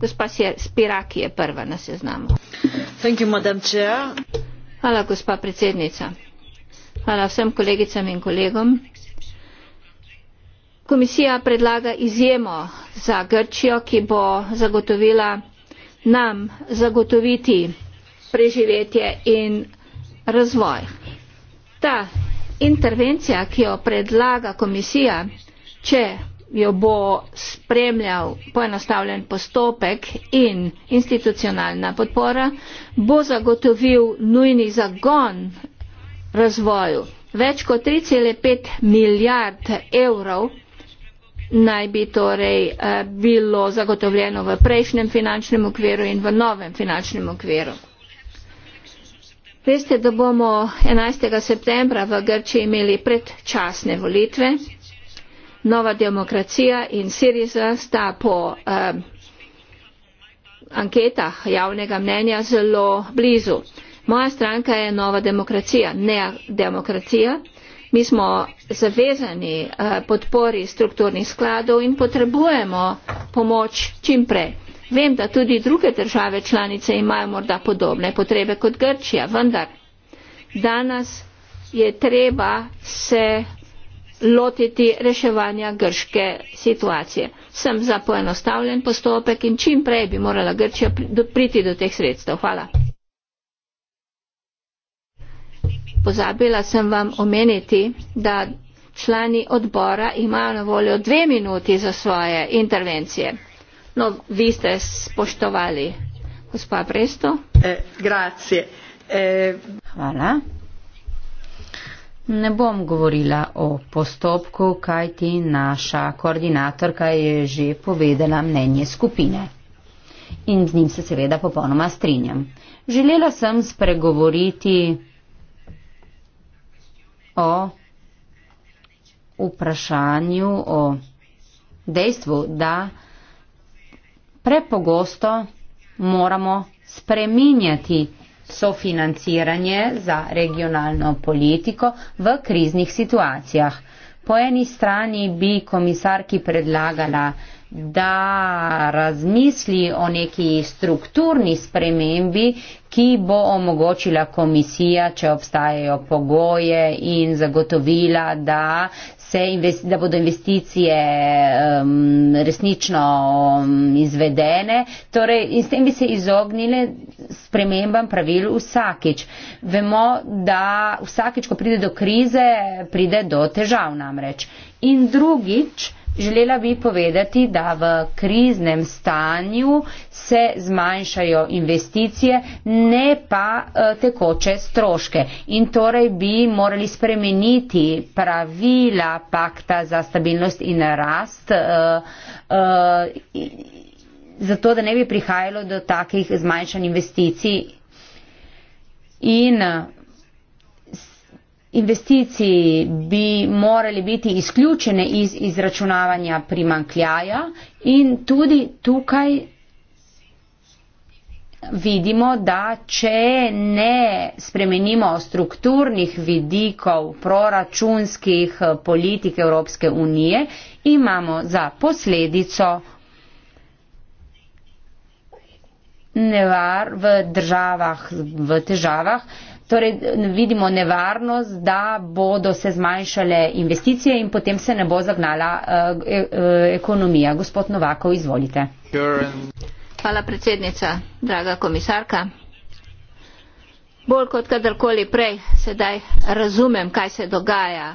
Gospa Spiraki je prva na seznamu. Hvala, gospa predsednica. Hvala vsem kolegicam in kolegom komisija predlaga izjemo za Grčijo, ki bo zagotovila nam zagotoviti preživetje in razvoj. Ta intervencija, ki jo predlaga komisija, če jo bo spremljal poenostavljen postopek in institucionalna podpora, bo zagotovil nujni zagon razvoju. Več kot 3,5 milijard evrov naj bi torej eh, bilo zagotovljeno v prejšnjem finančnem okviru in v novem finančnem okviru. Veste, da bomo 11. septembra v Grčiji imeli predčasne volitve. Nova demokracija in Siriza sta po eh, anketah javnega mnenja zelo blizu. Moja stranka je Nova demokracija, ne demokracija. Mi smo zavezani eh, podpori strukturnih skladov in potrebujemo pomoč čim prej. Vem, da tudi druge države članice imajo morda podobne potrebe kot Grčija, vendar danes je treba se lotiti reševanja grške situacije. Sem za poenostavljen postopek in čim prej bi morala Grčija priti do teh sredstev. Hvala. pozabila sem vam omeniti, da člani odbora imajo na voljo dve minuti za svoje intervencije. No, vi ste spoštovali. Gospa Presto. Eh, gracie. Eh. Hvala. Ne bom govorila o postopku, kajti naša koordinatorka je že povedala mnenje skupine. In z njim se seveda popolnoma strinjam. Želela sem spregovoriti o vprašanju, o dejstvu, da prepogosto moramo spreminjati sofinanciranje za regionalno politiko v kriznih situacijah. Po eni strani bi komisarki predlagala da razmisli o neki strukturni spremembi, ki bo omogočila komisija, če obstajajo pogoje in zagotovila, da, da bodo investicije um, resnično um, izvedene. Torej, in s tem bi se izognile spremembam pravil vsakič. Vemo, da vsakič, ko pride do krize, pride do težav namreč. In drugič, Želela bi povedati, da v kriznem stanju se zmanjšajo investicije, ne pa e, tekoče stroške. In torej bi morali spremeniti pravila pakta za stabilnost in rast, e, e, zato da ne bi prihajalo do takih zmanjšanj investicij. In investiciji bi morali biti izključene iz izračunavanja primankljaja in tudi tukaj vidimo, da če ne spremenimo strukturnih vidikov proračunskih politik Evropske unije, imamo za posledico nevar v državah v težavah Torej vidimo nevarnost, da bodo se zmanjšale investicije in potem se ne bo zagnala eh, e e ekonomija. Gospod Novako, izvolite. Hvala predsednica, draga komisarka. Bolj kot kadarkoli prej sedaj razumem, kaj se dogaja,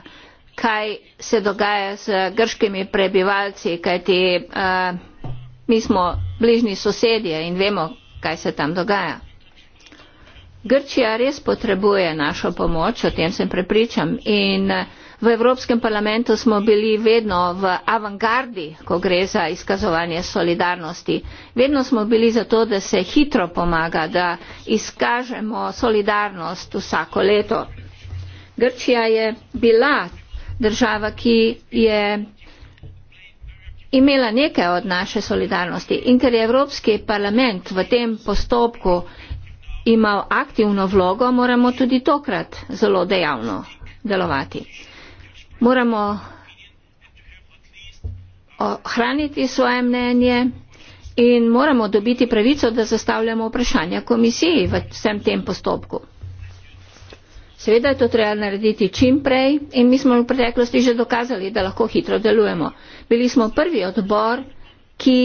kaj se dogaja z grškimi prebivalci, kajti uh, mi smo bližnji sosedje in vemo, kaj se tam dogaja. Grčija res potrebuje našo pomoč, o tem sem prepričam. In eh, v Evropskem parlamentu smo bili vedno v avangardi, ko gre za izkazovanje solidarnosti. Vedno smo bili za to, da se hitro pomaga, da izkažemo solidarnost vsako leto. Grčija je bila država, ki je imela nekaj od naše solidarnosti. In ker je Evropski parlament v tem postopku imel aktivno vlogo, moramo tudi tokrat zelo dejavno delovati. Moramo ohraniti svoje mnenje in moramo dobiti pravico, da zastavljamo vprašanja komisiji v vsem tem postopku. Seveda je to treba narediti čim prej in mi smo v preteklosti že dokazali, da lahko hitro delujemo. Bili smo prvi odbor, ki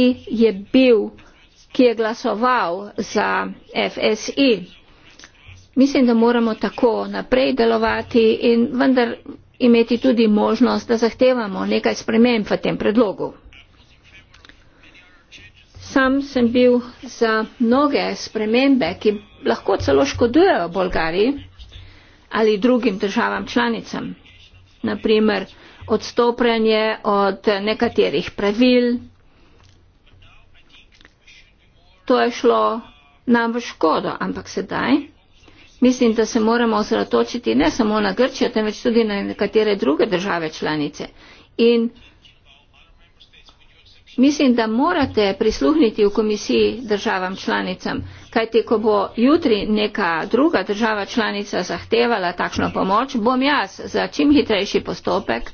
je bil ki je glasoval za FSI. Mislim, da moramo tako naprej delovati in vendar imeti tudi možnost, da zahtevamo nekaj sprememb v tem predlogu. Sam sem bil za mnoge spremembe, ki lahko celo škodujejo Bolgariji ali drugim državam članicam. Naprimer, odstopanje od nekaterih pravil, to je šlo nam v škodo, ampak sedaj mislim, da se moramo osredotočiti ne samo na Grčijo, temveč tudi na nekatere druge države članice. In mislim, da morate prisluhniti v komisiji državam članicam, kajte, ko bo jutri neka druga država članica zahtevala takšno pomoč, bom jaz za čim hitrejši postopek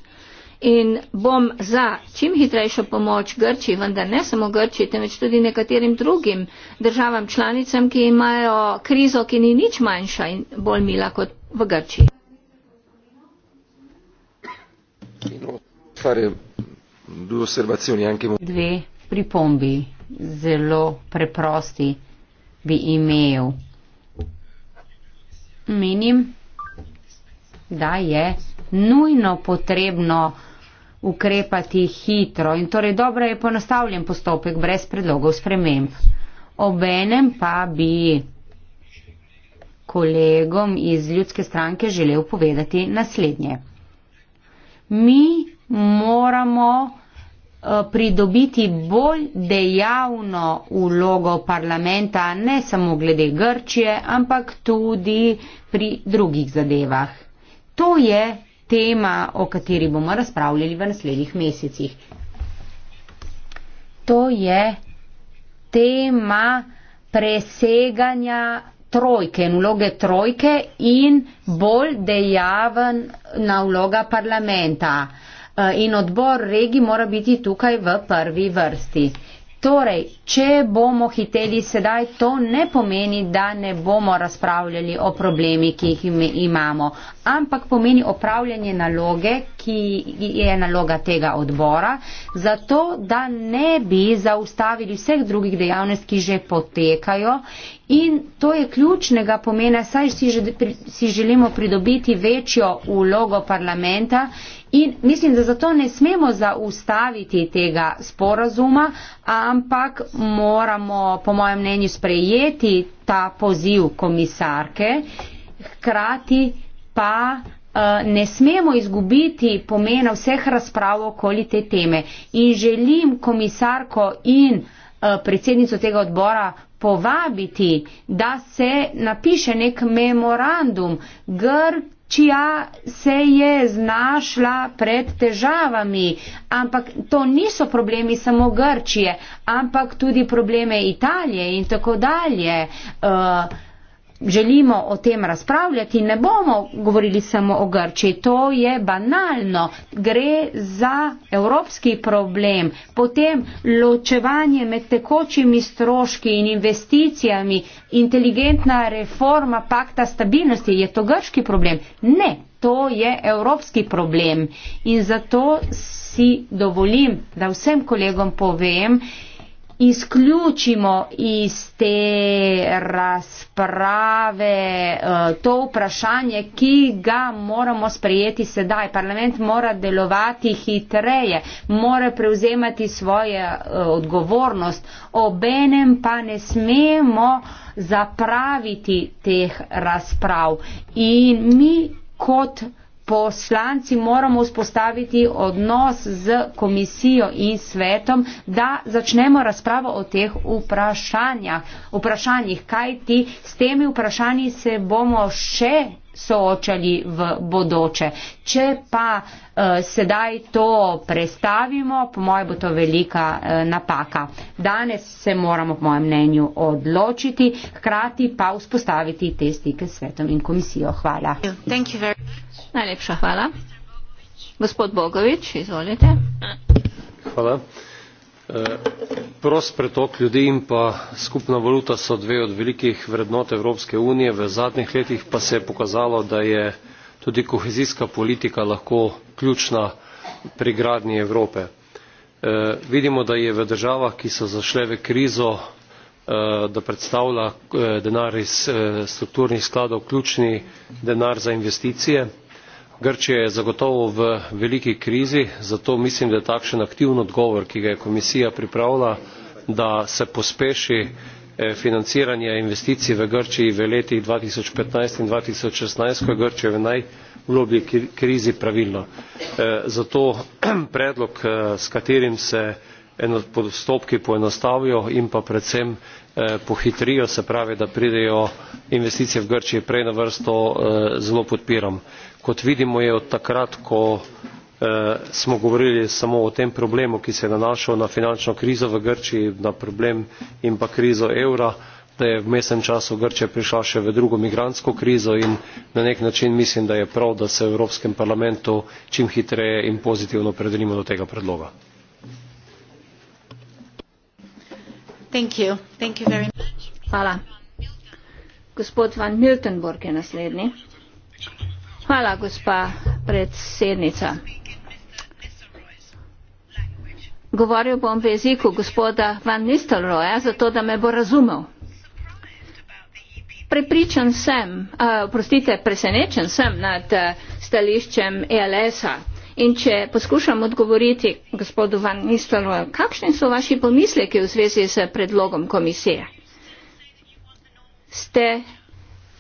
in bom za čim hitrejšo pomoč Grčiji, vendar ne samo Grčiji, temveč tudi nekaterim drugim državam članicam, ki imajo krizo, ki ni nič manjša in bolj mila kot v Grčiji. Dve pripombi, zelo preprosti bi imel. Menim, da je nujno potrebno ukrepati hitro in torej dobro je ponastavljen postopek brez predlogov sprememb. Obenem pa bi kolegom iz ljudske stranke želel povedati naslednje. Mi moramo eh, pridobiti bolj dejavno ulogo parlamenta, ne samo glede Grčije, ampak tudi pri drugih zadevah. To je tema, o kateri bomo razpravljali v naslednjih mesecih. To je tema preseganja trojke in vloge trojke in bolj dejavna vloga parlamenta. Eh, in odbor regi mora biti tukaj v prvi vrsti. Torej, Če bomo hiteli sedaj, to ne pomeni, da ne bomo razpravljali o problemi, ki jih imamo, ampak pomeni opravljanje naloge, ki je naloga tega odbora, zato da ne bi zaustavili vseh drugih dejavnosti, ki že potekajo in to je ključnega pomena, saj si želimo pridobiti večjo ulogo parlamenta. In mislim, da zato ne smemo zaustaviti tega sporazuma, ampak moramo, po mojem mnenju, sprejeti ta poziv komisarke, hkrati pa uh, ne smemo izgubiti pomena vseh razprav okoli te teme. In želim komisarko in uh, predsednico tega odbora povabiti, da se napiše nek memorandum Grk čija se je znašla pred težavami. Ampak to niso problemi samo Grčije, ampak tudi probleme Italije in tako dalje. Uh, želimo o tem razpravljati, ne bomo govorili samo o Grčiji, to je banalno, gre za evropski problem, potem ločevanje med tekočimi stroški in investicijami, inteligentna reforma pakta stabilnosti, je to grški problem? Ne, to je evropski problem in zato si dovolim, da vsem kolegom povem, izključimo iz te razprave eh, to vprašanje, ki ga moramo sprejeti sedaj. Parlament mora delovati hitreje, mora prevzemati svojo eh, odgovornost, obenem pa ne smemo zapraviti teh razprav. In mi kot poslanci moramo vzpostaviti odnos z komisijo in svetom, da začnemo razpravo o teh vprašanjih, kaj ti s temi vprašanji se bomo še soočali v bodoče. Če pa eh, sedaj to prestavimo, po mojem bo to velika eh, napaka. Danes se moramo, po mojem mnenju, odločiti, hkrati pa vzpostaviti te stike s svetom in komisijo. Hvala. Najlepša hvala. Gospod Bogovič, izvolite. Hvala prost pretok ljudi in pa skupna valuta so dve od velikih vrednot evropske unije v zadnjih letih pa se je pokazalo da je tudi kohezijska politika lahko ključna pri gradnji evrope. E, vidimo da je v državah ki so zašle v krizo e, da predstavlja e, denar iz strukturnih skladov ključni denar za investicije grčija je zagotovo v veliki krizi zato mislim da je takšen aktiven odgovor ki ga je komisija pripravila da se pospeši eh, financiranje investicij v grčiji v letih dva tisoč petnajst in dva tisoč šestnajst ko je grčija v najgloblji krizi pravilno eh, zato *clears throat* predlog eh, s katerim se postopki poenostavijo in pa predvsem pohitrijo se pravi da pridejo investicije v grčiji prej na vrsto zelo podpiram kot vidimo je od takrat, ko eh, smo govorili samo o tem problemu, ki se je nanašal na finančno krizo v Grčiji, na problem in pa krizo evra, da je v mesem času Grčija prišla še v drugo migransko krizo in na nek način mislim, da je prav, da se v Evropskem parlamentu čim hitreje in pozitivno predelimo do tega predloga. Thank you. Thank you very much. Hvala. Gospod Van Miltenborg je naslednji. Hvala, gospa predsednica. Govoril bom v jeziku gospoda Van Nistelroja, zato da me bo razumel. Prepričan sem, uh, prostite, presenečen sem nad uh, stališčem ELS-a. In če poskušam odgovoriti gospodu Van Nistelroju, kakšni so vaši pomisleki v zvezi s predlogom komisije? Ste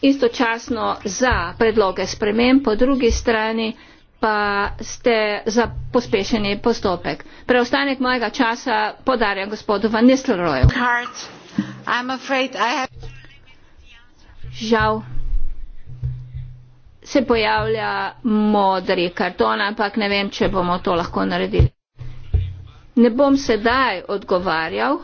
istočasno za predloge sprememb, po drugi strani pa ste za pospešeni postopek. Preostanek mojega časa podarjam gospodu Van Nistelrooju. Žal se pojavlja modri karton, ampak ne vem, če bomo to lahko naredili. Ne bom sedaj odgovarjal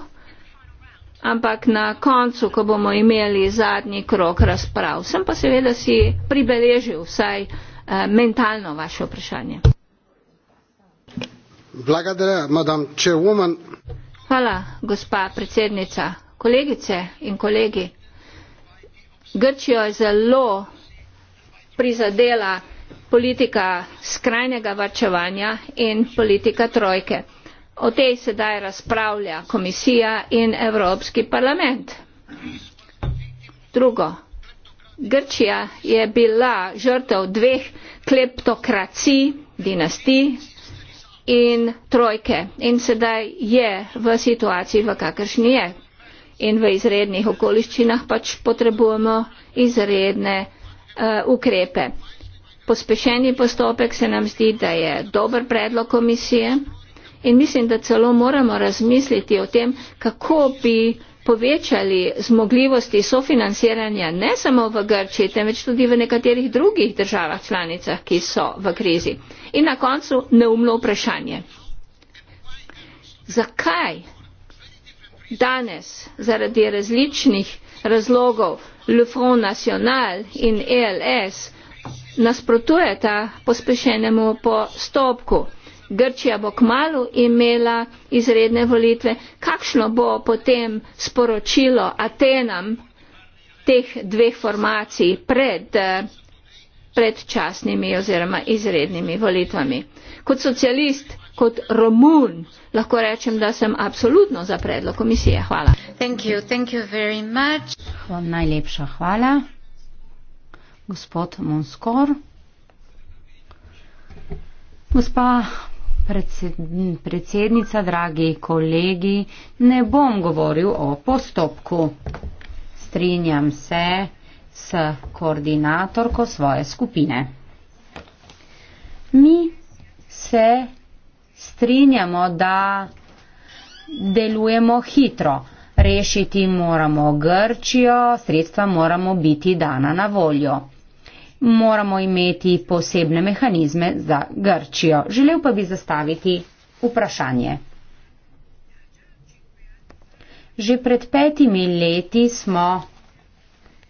ampak na koncu, ko bomo imeli zadnji krok razprav. Sem pa seveda si pribeležil vsaj eh, mentalno vaše vprašanje. Blagadre, madam, če woman. Hvala, gospa predsednica. Kolegice in kolegi, Grčijo je zelo prizadela politika skrajnega varčevanja in politika trojke o tej sedaj razpravlja komisija in evropski parlament. Drugo. Grčija je bila žrtev dveh kleptokracij, dinasti in trojke in sedaj je v situaciji, v kakršni je. In v izrednih okoliščinah pač potrebujemo izredne uh, ukrepe. Pospešeni postopek se nam zdi, da je dober predlog komisije. In mislim, da celo moramo razmisliti o tem, kako bi povečali zmogljivosti sofinanciranja ne samo v Grčiji, temveč tudi v nekaterih drugih državah članicah, ki so v krizi. In na koncu neumno vprašanje. Zakaj danes zaradi različnih razlogov Le Front National in ELS nasprotujeta pospešenemu postopku? Po Grčija bo kmalo imela izredne volitve. Kakšno bo potem sporočilo Atenam teh dveh formacij pred eh, predčasnimi oziroma izrednimi volitvami? Kot socialist, kot Romun, lahko rečem, da sem absolutno za predlog komisije. Hvala. Thank you, thank you very much. Vam najlepša hvala. Gospod Monskor. Gospa predsednica, dragi kolegi, ne bom govoril o postopku. Strinjam se s koordinatorko svoje skupine. Mi se strinjamo, da delujemo hitro. Rešiti moramo Grčijo, sredstva moramo biti dana na voljo moramo imeti posebne mehanizme za Grčijo. Želel pa bi zastaviti vprašanje. Že pred petimi leti smo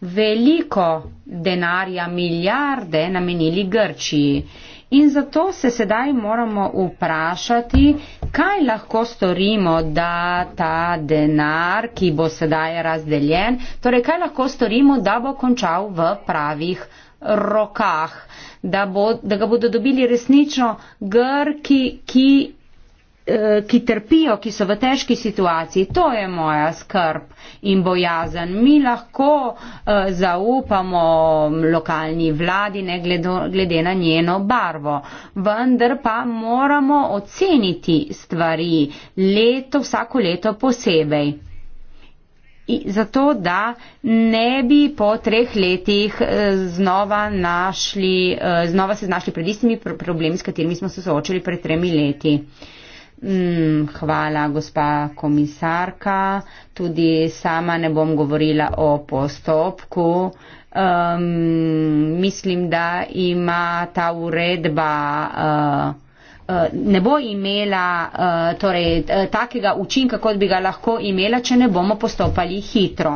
veliko denarja, milijarde namenili Grčiji. In zato se sedaj moramo vprašati, kaj lahko storimo, da ta denar, ki bo sedaj razdeljen, torej kaj lahko storimo, da bo končal v pravih rokah, da, bo, da ga bodo dobili resnično grki, ki, eh, ki trpijo, ki so v težki situaciji. To je moja skrb in bojazen. Mi lahko eh, zaupamo lokalni vladi, ne glede na njeno barvo, vendar pa moramo oceniti stvari leto, vsako leto posebej zato da ne bi po treh letih eh, znova, našli, eh, znova se znašli pred istimi problemi, s katerimi smo se soočili pred tremi leti. Mm, hvala, gospa komisarka. Tudi sama ne bom govorila o postopku. Um, mislim, da ima ta uredba. Uh, Eh, ne bo imela eh, torej, eh, takega učinka, kot bi ga lahko imela, če ne bomo postopali hitro.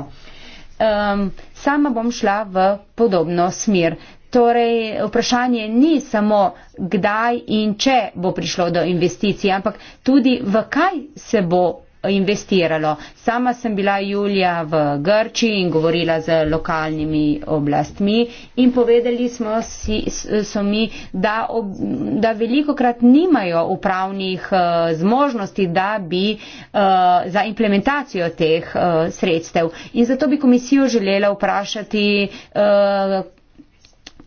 Sama bom šla v podobno smer. Torej, vprašanje ni samo, kdaj in če bo prišlo do investicij, ampak tudi v kaj se bo investiralo. Sama sem bila julija v Grči in govorila z lokalnimi oblastmi in povedali smo si, so mi, da, ob, da veliko krat nimajo upravnih uh, zmožnosti, da bi uh, za implementacijo teh uh, sredstev. In zato bi komisijo želela vprašati, uh,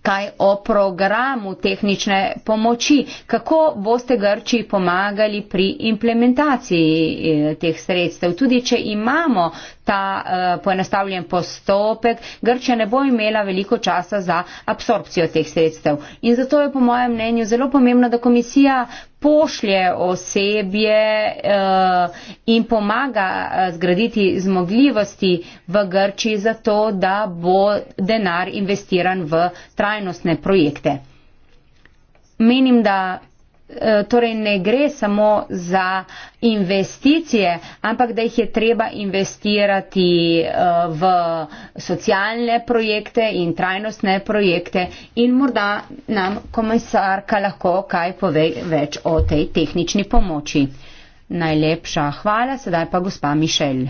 kaj o programu tehnične pomoči, kako boste Grčiji pomagali pri implementaciji eh, teh sredstev. Tudi če imamo ta uh, poenostavljen postopek, Grčija ne bo imela veliko časa za absorpcijo teh sredstev. In zato je po mojem mnenju zelo pomembno, da komisija pošlje osebje uh, in pomaga eh, zgraditi zmogljivosti v Grčiji za to, da bo denar investiran v trajnostne projekte. Menim, da Eh, torej ne gre samo za investicije, ampak da jih je treba investirati eh, v socialne projekte in trajnostne projekte in morda nam komisarka lahko kaj pove več o tej tehnični pomoči. Najlepša hvala, sedaj pa gospa Mišel.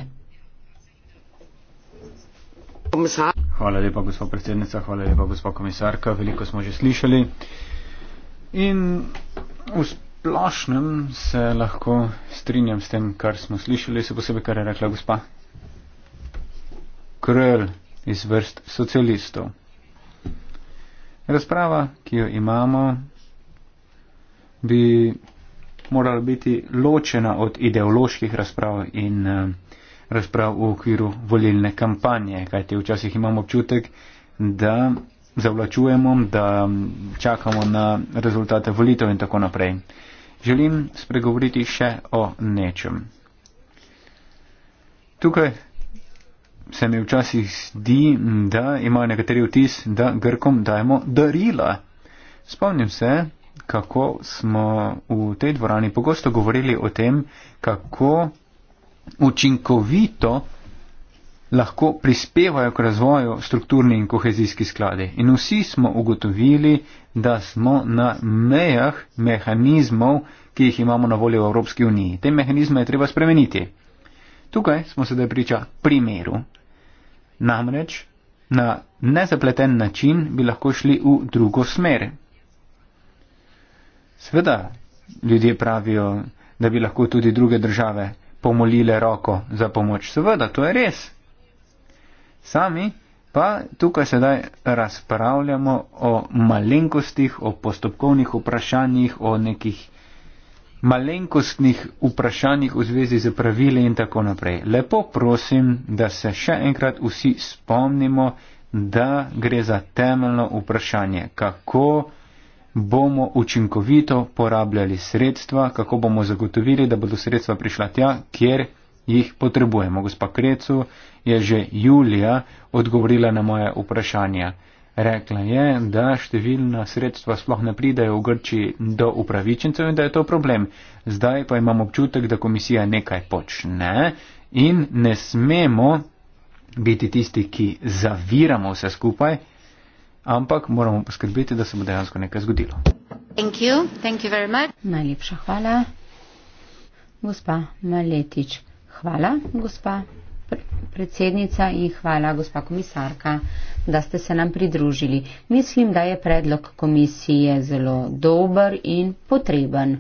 Hvala lepa, gospod predsednica, hvala lepa, gospod komisarka. Veliko smo že slišali. In V splošnem se lahko strinjam s tem, kar smo slišali, se posebej, kar je rekla gospa Krl iz vrst socialistov. Razprava, ki jo imamo, bi morala biti ločena od ideoloških razprav in eh, razprav v okviru volilne kampanje, kajti včasih imamo občutek, da zavlačujemo, da čakamo na rezultate volitev in tako naprej. Želim spregovoriti še o nečem. Tukaj se mi včasih zdi, da imajo nekateri vtis, da Grkom dajemo darila. Spomnim se, kako smo v tej dvorani pogosto govorili o tem, kako učinkovito lahko prispevajo k razvoju strukturni in kohezijski skladi. In vsi smo ugotovili, da smo na mejah mehanizmov, ki jih imamo na voljo v Evropski uniji. Te mehanizme je treba spremeniti. Tukaj smo sedaj priča primeru. Namreč na nezapleten način bi lahko šli v drugo smer. Sveda, ljudje pravijo, da bi lahko tudi druge države pomolile roko za pomoč. Seveda, to je res sami pa tukaj sedaj razpravljamo o malenkostih, o postopkovnih vprašanjih, o nekih malenkostnih vprašanjih v zvezi z pravili in tako naprej. Lepo prosim, da se še enkrat vsi spomnimo, da gre za temeljno vprašanje, kako bomo učinkovito porabljali sredstva, kako bomo zagotovili, da bodo sredstva prišla tja, kjer jih potrebujemo. Gospa Krecu je že Julija odgovorila na moje vprašanje. Rekla je, da številna sredstva sploh ne pridajo v Grčiji do upravičencev in da je to problem. Zdaj pa imam občutek, da komisija nekaj počne in ne smemo biti tisti, ki zaviramo vse skupaj, ampak moramo poskrbeti, da se bo dejansko nekaj zgodilo. Thank you. Thank you Najlepša hvala. Gospa Maletič, hvala, gospa predsednica in hvala, gospa komisarka, da ste se nam pridružili. Mislim, da je predlog komisije zelo dober in potreben.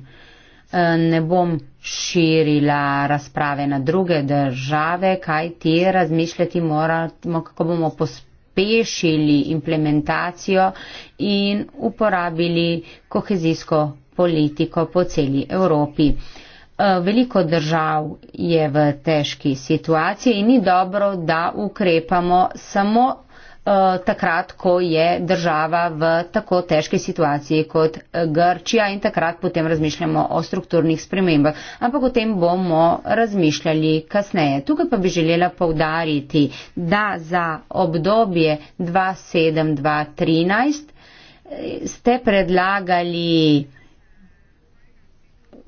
E, ne bom širila razprave na druge države, kaj ti razmišljati moramo, kako bomo pospešili implementacijo in uporabili kohezijsko politiko po celi Evropi. Eh, veliko držav je v težki situaciji in ni dobro, da ukrepamo samo eh, takrat, ko je država v tako težki situaciji kot eh, Grčija in takrat potem razmišljamo o strukturnih spremembah. Ampak o tem bomo razmišljali kasneje. Tukaj pa bi želela povdariti, da za obdobje 2007-2013 ste predlagali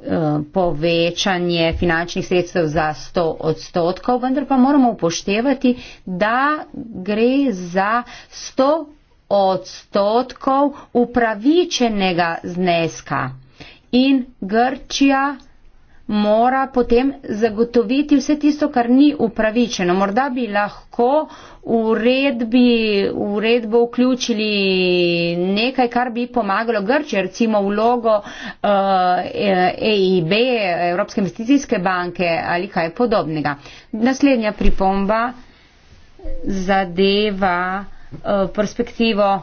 Eh, povečanje finančnih sredstev za 100 odstotkov, vendar pa moramo upoštevati, da gre za 100 odstotkov upravičenega zneska. In Grčija mora potem zagotoviti vse tisto, kar ni upravičeno. Morda bi lahko v uredbi, uredbo vključili nekaj, kar bi pomagalo Grči, recimo vlogo uh, eh, EIB, Evropske investicijske banke ali kaj podobnega. Naslednja pripomba zadeva uh, perspektivo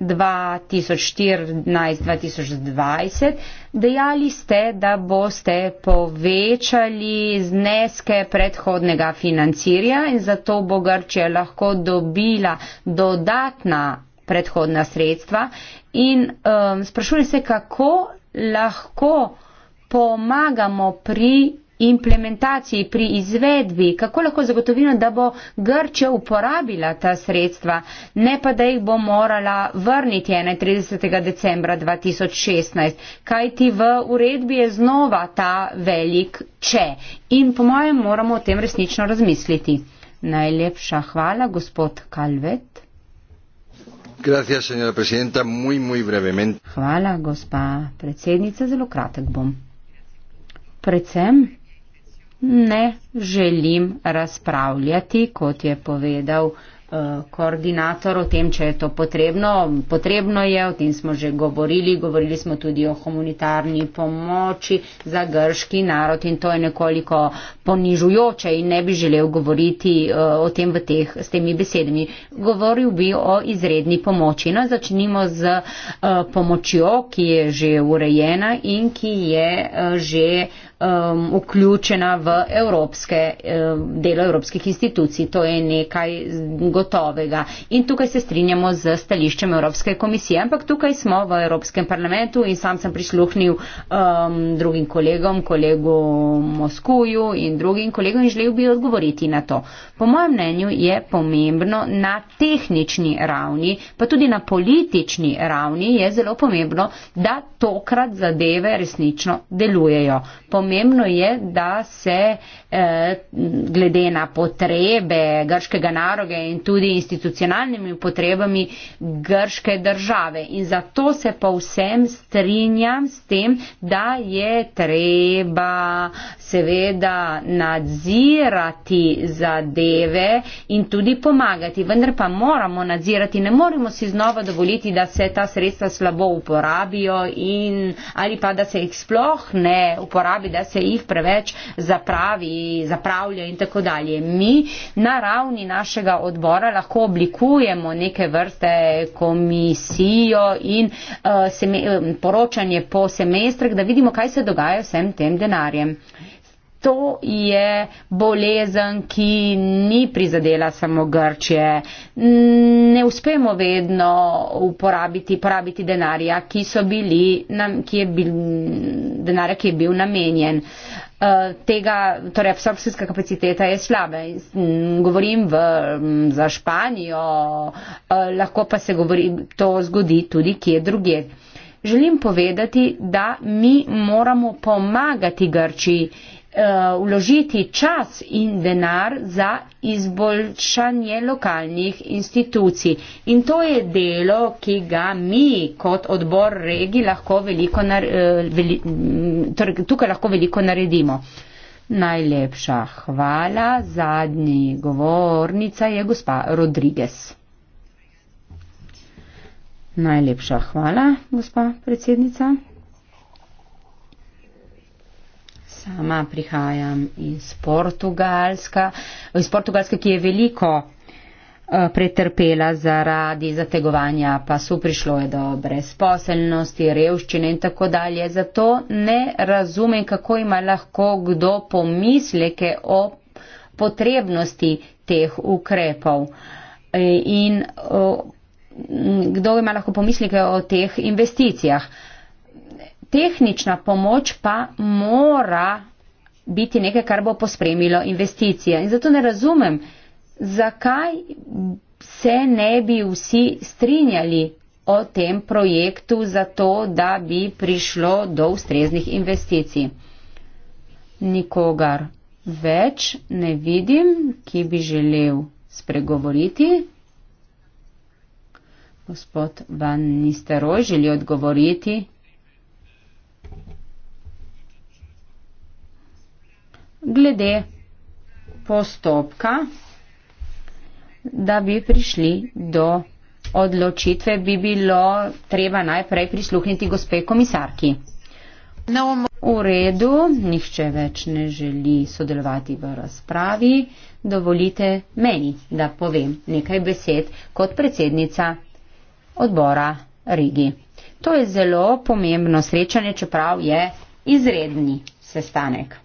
2014-2020 dejali ste, da boste povečali zneske predhodnega financirja in zato bo Grčija lahko dobila dodatna predhodna sredstva. In um, sprašujem se, kako lahko pomagamo pri implementaciji, pri izvedbi, kako lahko zagotovimo, da bo Grčija uporabila ta sredstva, ne pa da jih bo morala vrniti 31. decembra 2016, kajti v uredbi je znova ta velik če. In po mojem moramo o tem resnično razmisliti. Najlepša hvala, gospod Kalvet. Gracias, muy, muy Hvala, gospa predsednica, zelo kratek bom. Predvsem ne želim razpravljati, kot je povedal eh, koordinator o tem, če je to potrebno. Potrebno je, o tem smo že govorili, govorili smo tudi o humanitarni pomoči za grški narod in to je nekoliko ponižujoče in ne bi želel govoriti eh, o tem v teh s temi besedami. Govoril bi o izredni pomoči. No, začnimo z eh, pomočjo, ki je že urejena in ki je že um, vključena v evropske, um, delo evropskih institucij. To je nekaj gotovega. In tukaj se strinjamo z stališčem Evropske komisije. Ampak tukaj smo v Evropskem parlamentu in sam sem prisluhnil um, drugim kolegom, kolegu Moskuju in drugim kolegom in želel bi odgovoriti na to. Po mojem mnenju je pomembno na tehnični ravni, pa tudi na politični ravni je zelo pomembno, da tokrat zadeve resnično delujejo. Pomembno pomembno je, da se eh, glede na potrebe grškega naroga in tudi institucionalnimi potrebami grške države. In zato se povsem strinjam s tem, da je treba seveda nadzirati zadeve in tudi pomagati, vendar pa moramo nadzirati, ne moremo si znova dovoliti, da se ta sredstva slabo uporabijo in, ali pa da se jih sploh ne uporabi, da se jih preveč zapravi, zapravlja in tako dalje. Mi na ravni našega odbora lahko oblikujemo neke vrste komisijo in uh, eh, seme, eh, poročanje po semestrih, da vidimo, kaj se dogaja vsem tem denarjem to je bolezen, ki ni prizadela samo Grčije. Ne uspemo vedno uporabiti, uporabiti denarja, ki, bili, ki je bil, denarja, ki je bil namenjen. Eh, tega, torej absorpcijska kapaciteta je slaba. Govorim v, za Španijo, eh, lahko pa se govori, to zgodi tudi kje druge. Želim povedati, da mi moramo pomagati Grčiji Eh, vložiti čas in denar za izboljšanje lokalnih institucij. In to je delo, ki ga mi kot odbor regi lahko veliko, nar eh, veli mm, torej, tukaj lahko veliko naredimo. Najlepša hvala. Zadnji govornica je gospa Rodriguez. Najlepša hvala, gospa predsednica. sama prihajam iz, iz Portugalske, ki je veliko eh, pretrpela zaradi zategovanja pasu, prišlo je do brezposelnosti, revščine in tako dalje. Zato ne razumem, kako ima lahko kdo pomisleke o potrebnosti teh ukrepov eh, in o, eh, kdo ima lahko pomisleke o teh investicijah tehnična pomoč pa mora biti nekaj, kar bo pospremilo investicije. In zato ne razumem, zakaj se ne bi vsi strinjali o tem projektu za to, da bi prišlo do ustreznih investicij. Nikogar več ne vidim, ki bi želel spregovoriti. Gospod Van Nisteroj želi odgovoriti. glede postopka, da bi prišli do odločitve, bi bilo treba najprej prisluhniti gospe komisarki. V redu, nihče več ne želi sodelovati v razpravi. Dovolite meni, da povem nekaj besed kot predsednica odbora Rigi. To je zelo pomembno srečanje, čeprav je izredni sestanek.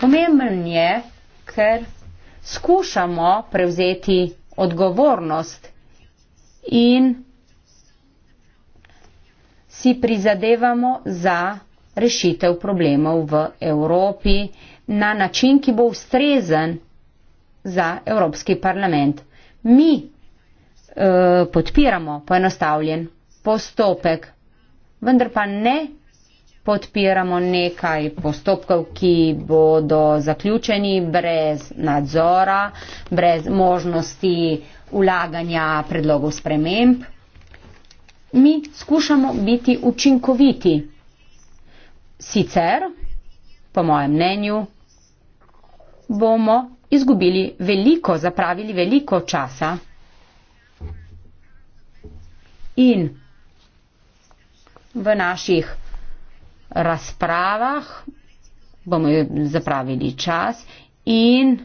Pomemben je, ker skušamo prevzeti odgovornost in si prizadevamo za rešitev problemov v Evropi na način, ki bo ustrezen za Evropski parlament. Mi eh, podpiramo poenostavljen postopek, vendar pa ne podpiramo nekaj postopkov, ki bodo zaključeni brez nadzora, brez možnosti ulaganja predlogov sprememb. Mi skušamo biti učinkoviti. Sicer, po mojem mnenju, bomo izgubili veliko, zapravili veliko časa in v naših razpravah bomo zapravili čas in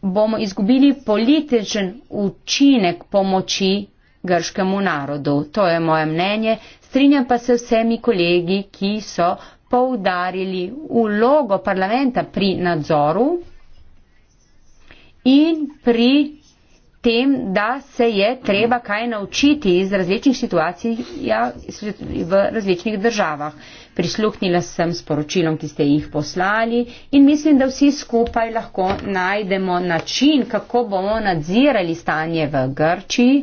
bomo izgubili političen učinek pomoči grškemu narodu. To je moje mnenje. Strinjam pa se vsemi kolegi, ki so poudarili vlogo parlamenta pri nadzoru in pri tem, da se je treba kaj naučiti iz različnih situacij ja, v različnih državah. Prisluhnila sem sporočilom, ki ste jih poslali in mislim, da vsi skupaj lahko najdemo način, kako bomo nadzirali stanje v Grčiji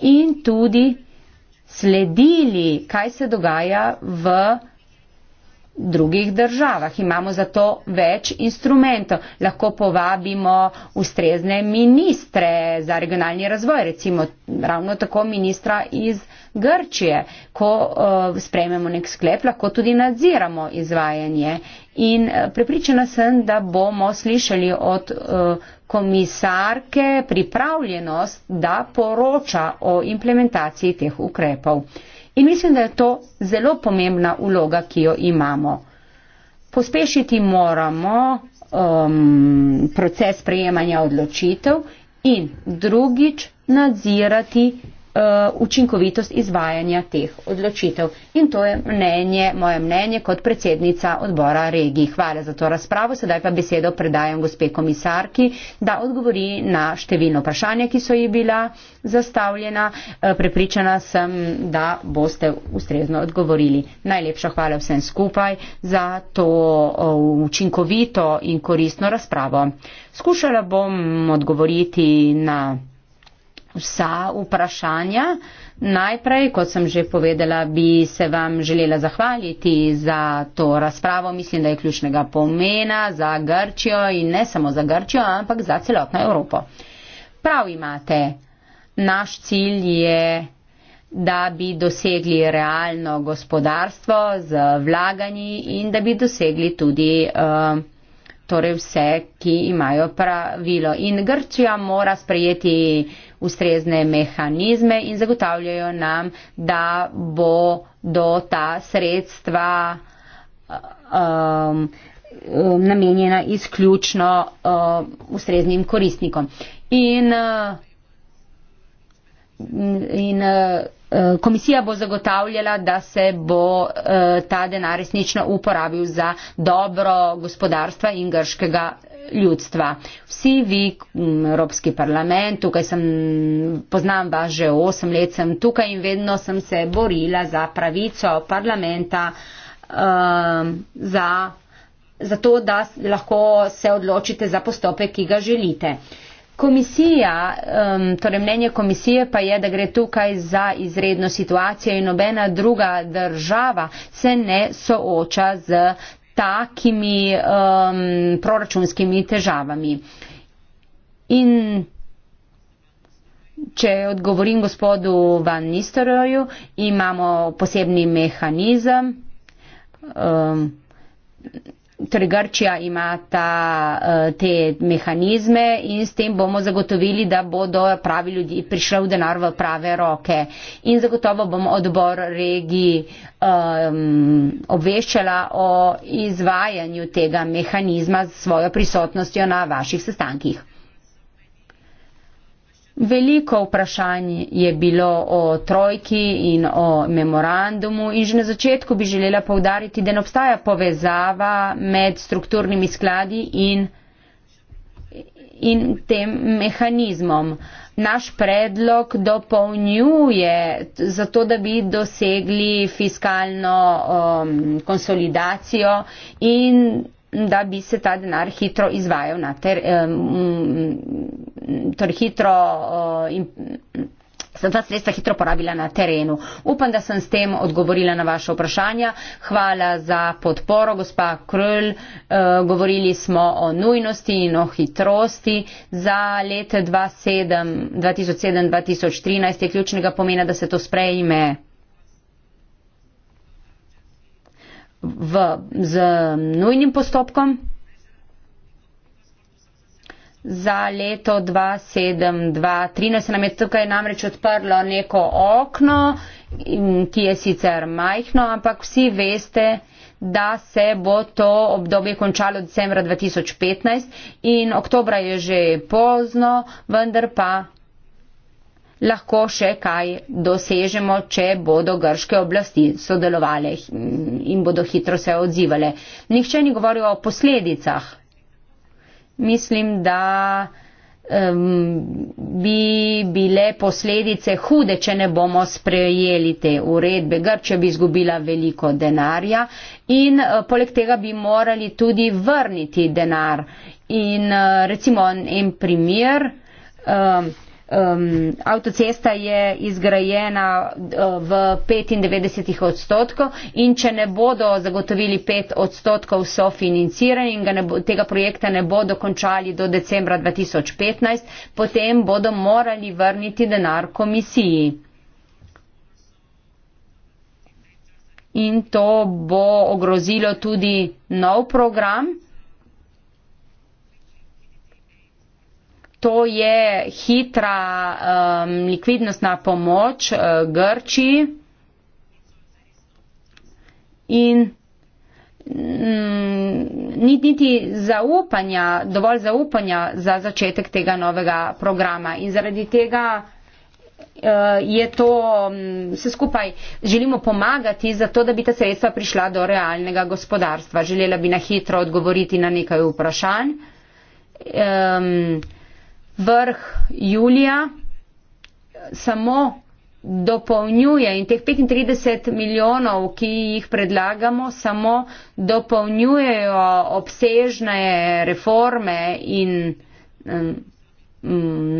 in tudi sledili, kaj se dogaja v Grčiji drugih državah. Imamo za to več instrumentov. Lahko povabimo ustrezne ministre za regionalni razvoj, recimo ravno tako ministra iz Grčije. Ko uh, sprejmemo nek sklep, lahko tudi nadziramo izvajanje. In uh, prepričana sem, da bomo slišali od uh, komisarke pripravljenost, da poroča o implementaciji teh ukrepov. Uh, In mislim, da je to zelo pomembna vloga, ki jo imamo. Pospešiti moramo um, proces prejemanja odločitev in drugič nadzirati Eh, učinkovitost izvajanja teh odločitev. In to je mnenje, moje mnenje kot predsednica odbora regij. Hvala za to razpravo. Sedaj pa besedo predajam gospe komisarki, da odgovori na številno vprašanje, ki so ji bila zastavljena. Eh, prepričana sem, da boste ustrezno odgovorili. Najlepša hvala vsem skupaj za to eh, učinkovito in koristno razpravo. Skušala bom odgovoriti na vsa vprašanja. Najprej, kot sem že povedala, bi se vam želela zahvaliti za to razpravo. Mislim, da je ključnega pomena za Grčijo in ne samo za Grčijo, ampak za celotno Evropo. Prav imate. Naš cilj je, da bi dosegli realno gospodarstvo z vlaganji in da bi dosegli tudi. Uh, Torej vse, ki imajo pravilo. In Grčija mora sprejeti uh, ustrezne mehanizme in zagotavljajo nam, da bo do ta sredstva eh, um, um, namenjena izključno um, ustreznim koristnikom. In, uh, in uh, Eh, komisija bo zagotavljala, da se bo eh, ta denar resnično uporabil za dobro gospodarstva in grškega eh, ljudstva. Vsi vi, mm, Evropski parlament, tukaj sem, poznam vas že 8 let, sem tukaj in vedno sem se borila za pravico parlamenta, za, za to, da lahko se odločite za postopek, ki ga želite. Komisija, um, torej mnenje komisije pa je, da gre tukaj za izredno situacijo in nobena druga država se ne sooča z takimi um, proračunskimi težavami. In če odgovorim gospodu Van Nistoroju, imamo posebni mehanizem. Um, Torej, Grčija ima ta, eh, te mehanizme in s tem bomo zagotovili, da bodo pravi ljudi prišli v denar v prave roke. In zagotovo bom odbor regij um, obveščala o izvajanju tega mehanizma s svojo prisotnostjo na vaših sestankih. Veliko vprašanj je bilo o trojki in o memorandumu in že na začetku bi želela povdariti, da ne obstaja povezava med strukturnimi skladi in, in tem mehanizmom. Naš predlog dopolnjuje zato, da bi dosegli fiskalno um, konsolidacijo in da bi se ta denar hitro izvajal na ter, um, ter torej hitro uh, eh, in sem ta sredstva hitro porabila na terenu. Upam, da sem s tem odgovorila na vaše vprašanja. Hvala za podporo, gospa Krl. E, govorili smo o nujnosti in o hitrosti. Za let 2007-2013 je ključnega pomena, da se to sprejme. v, z nujnim postopkom za leto 2007-2013. Nam je tukaj namreč odprlo neko okno, ki je sicer majhno, ampak vsi veste, da se bo to obdobje končalo decembra 2015 in oktobra je že pozno, vendar pa lahko še kaj dosežemo, če bodo grške oblasti sodelovale in bodo hitro se odzivale. Nihče ni govoril o posledicah. Mislim, da um, bi bile posledice hude, če ne bomo sprejeli te uredbe. Grčija bi izgubila veliko denarja in uh, poleg tega bi morali tudi vrniti denar. In uh, recimo en primer. Um, um, avtocesta je izgrajena eh, v 95 odstotkov in če ne bodo zagotovili 5 odstotkov sofinanciranja in tega projekta ne bodo končali do decembra 2015, potem bodo morali vrniti denar komisiji. In to bo ogrozilo tudi nov program. to je hitra um, likvidnostna pomoč uh, Grčiji. In mm, ni niti zaupanja, dovolj zaupanja za začetek tega novega programa. In zaradi tega uh, je to, mm, vse skupaj želimo pomagati, zato da bi ta sredstva prišla do realnega gospodarstva. Želela bi na hitro odgovoriti na nekaj vprašanj. Um, vrh Julija samo dopolnjuje in teh 35 milijonov, ki jih predlagamo, samo dopolnjujejo obsežne reforme in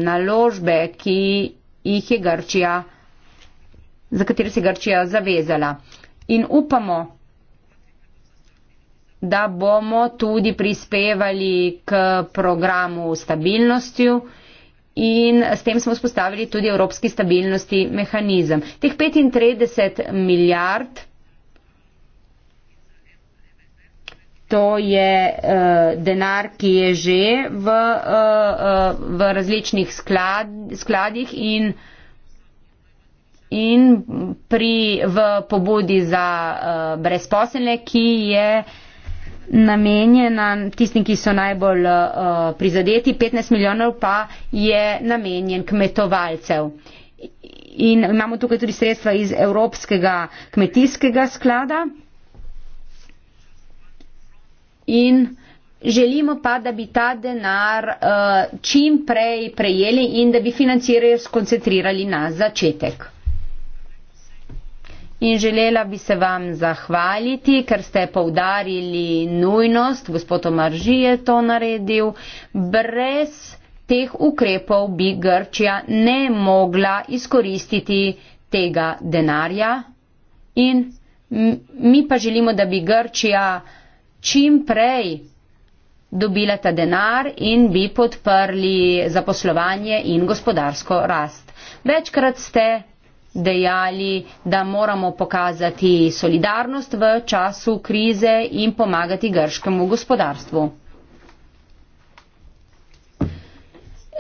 naložbe, ki jih je Grčija, za katere se je Grčija zavezala. In upamo, da bomo tudi prispevali k programu stabilnostjo in s tem smo spostavili tudi Evropski stabilnosti mehanizem. Teh 35 milijard, to je uh, denar, ki je že v, uh, uh, v različnih sklad, skladih in in pri, v pobudi za uh, brezposelne, ki je uh, namenjena tistim, ki so najbolj uh, prizadeti, 15 milijonov pa je namenjen kmetovalcev. In imamo tukaj tudi sredstva iz Evropskega kmetijskega sklada. In želimo pa, da bi ta denar uh, čim prej prejeli in da bi financirajo skoncentrirali na začetek. In želela bi se vam zahvaliti, ker ste povdarili nujnost, gospod Omarži je to naredil, brez teh ukrepov bi Grčija ne mogla izkoristiti tega denarja. In mi pa želimo, da bi Grčija čim prej dobila ta denar in bi podprli zaposlovanje in gospodarsko rast. Večkrat ste dejali, da moramo pokazati solidarnost v času krize in pomagati grškemu gospodarstvu.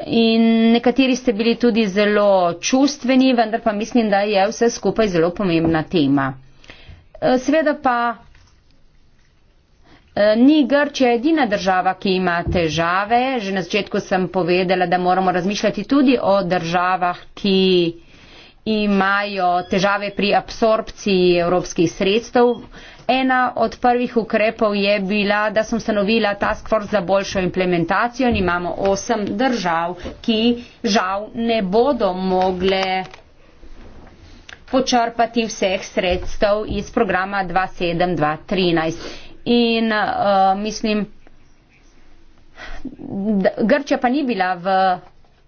In nekateri ste bili tudi zelo čustveni, vendar pa mislim, da je vse skupaj zelo pomembna tema. E, Sveda pa e, ni Grčija edina država, ki ima težave. Že na začetku sem povedala, da moramo razmišljati tudi o državah, ki imajo težave pri absorpciji evropskih sredstev. Ena od prvih ukrepov je bila, da sem stanovila task force za boljšo implementacijo in imamo osem držav, ki žal ne bodo mogle počrpati vseh sredstev iz programa 27213. In uh, mislim, da Grčija pa ni bila v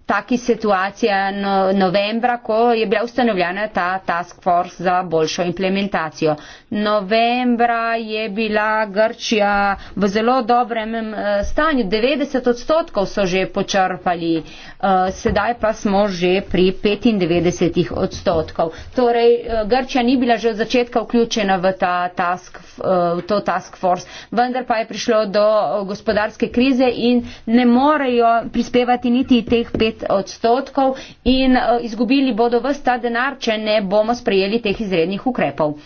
taki situacija no, novembra, ko je bila ustanovljena ta task force za boljšo implementacijo. Novembra je bila Grčija v zelo dobrem eh, stanju, 90 odstotkov so že počrpali, eh, sedaj pa smo že pri 95 odstotkov. Torej, eh, Grčija ni bila že od začetka vključena v ta task, v to task force, vendar pa je prišlo do gospodarske krize in ne morejo prispevati niti teh 5 odstotkov in e, izgubili bodo vse ta denar, če ne bomo sprejeli teh izrednih ukrepov. E,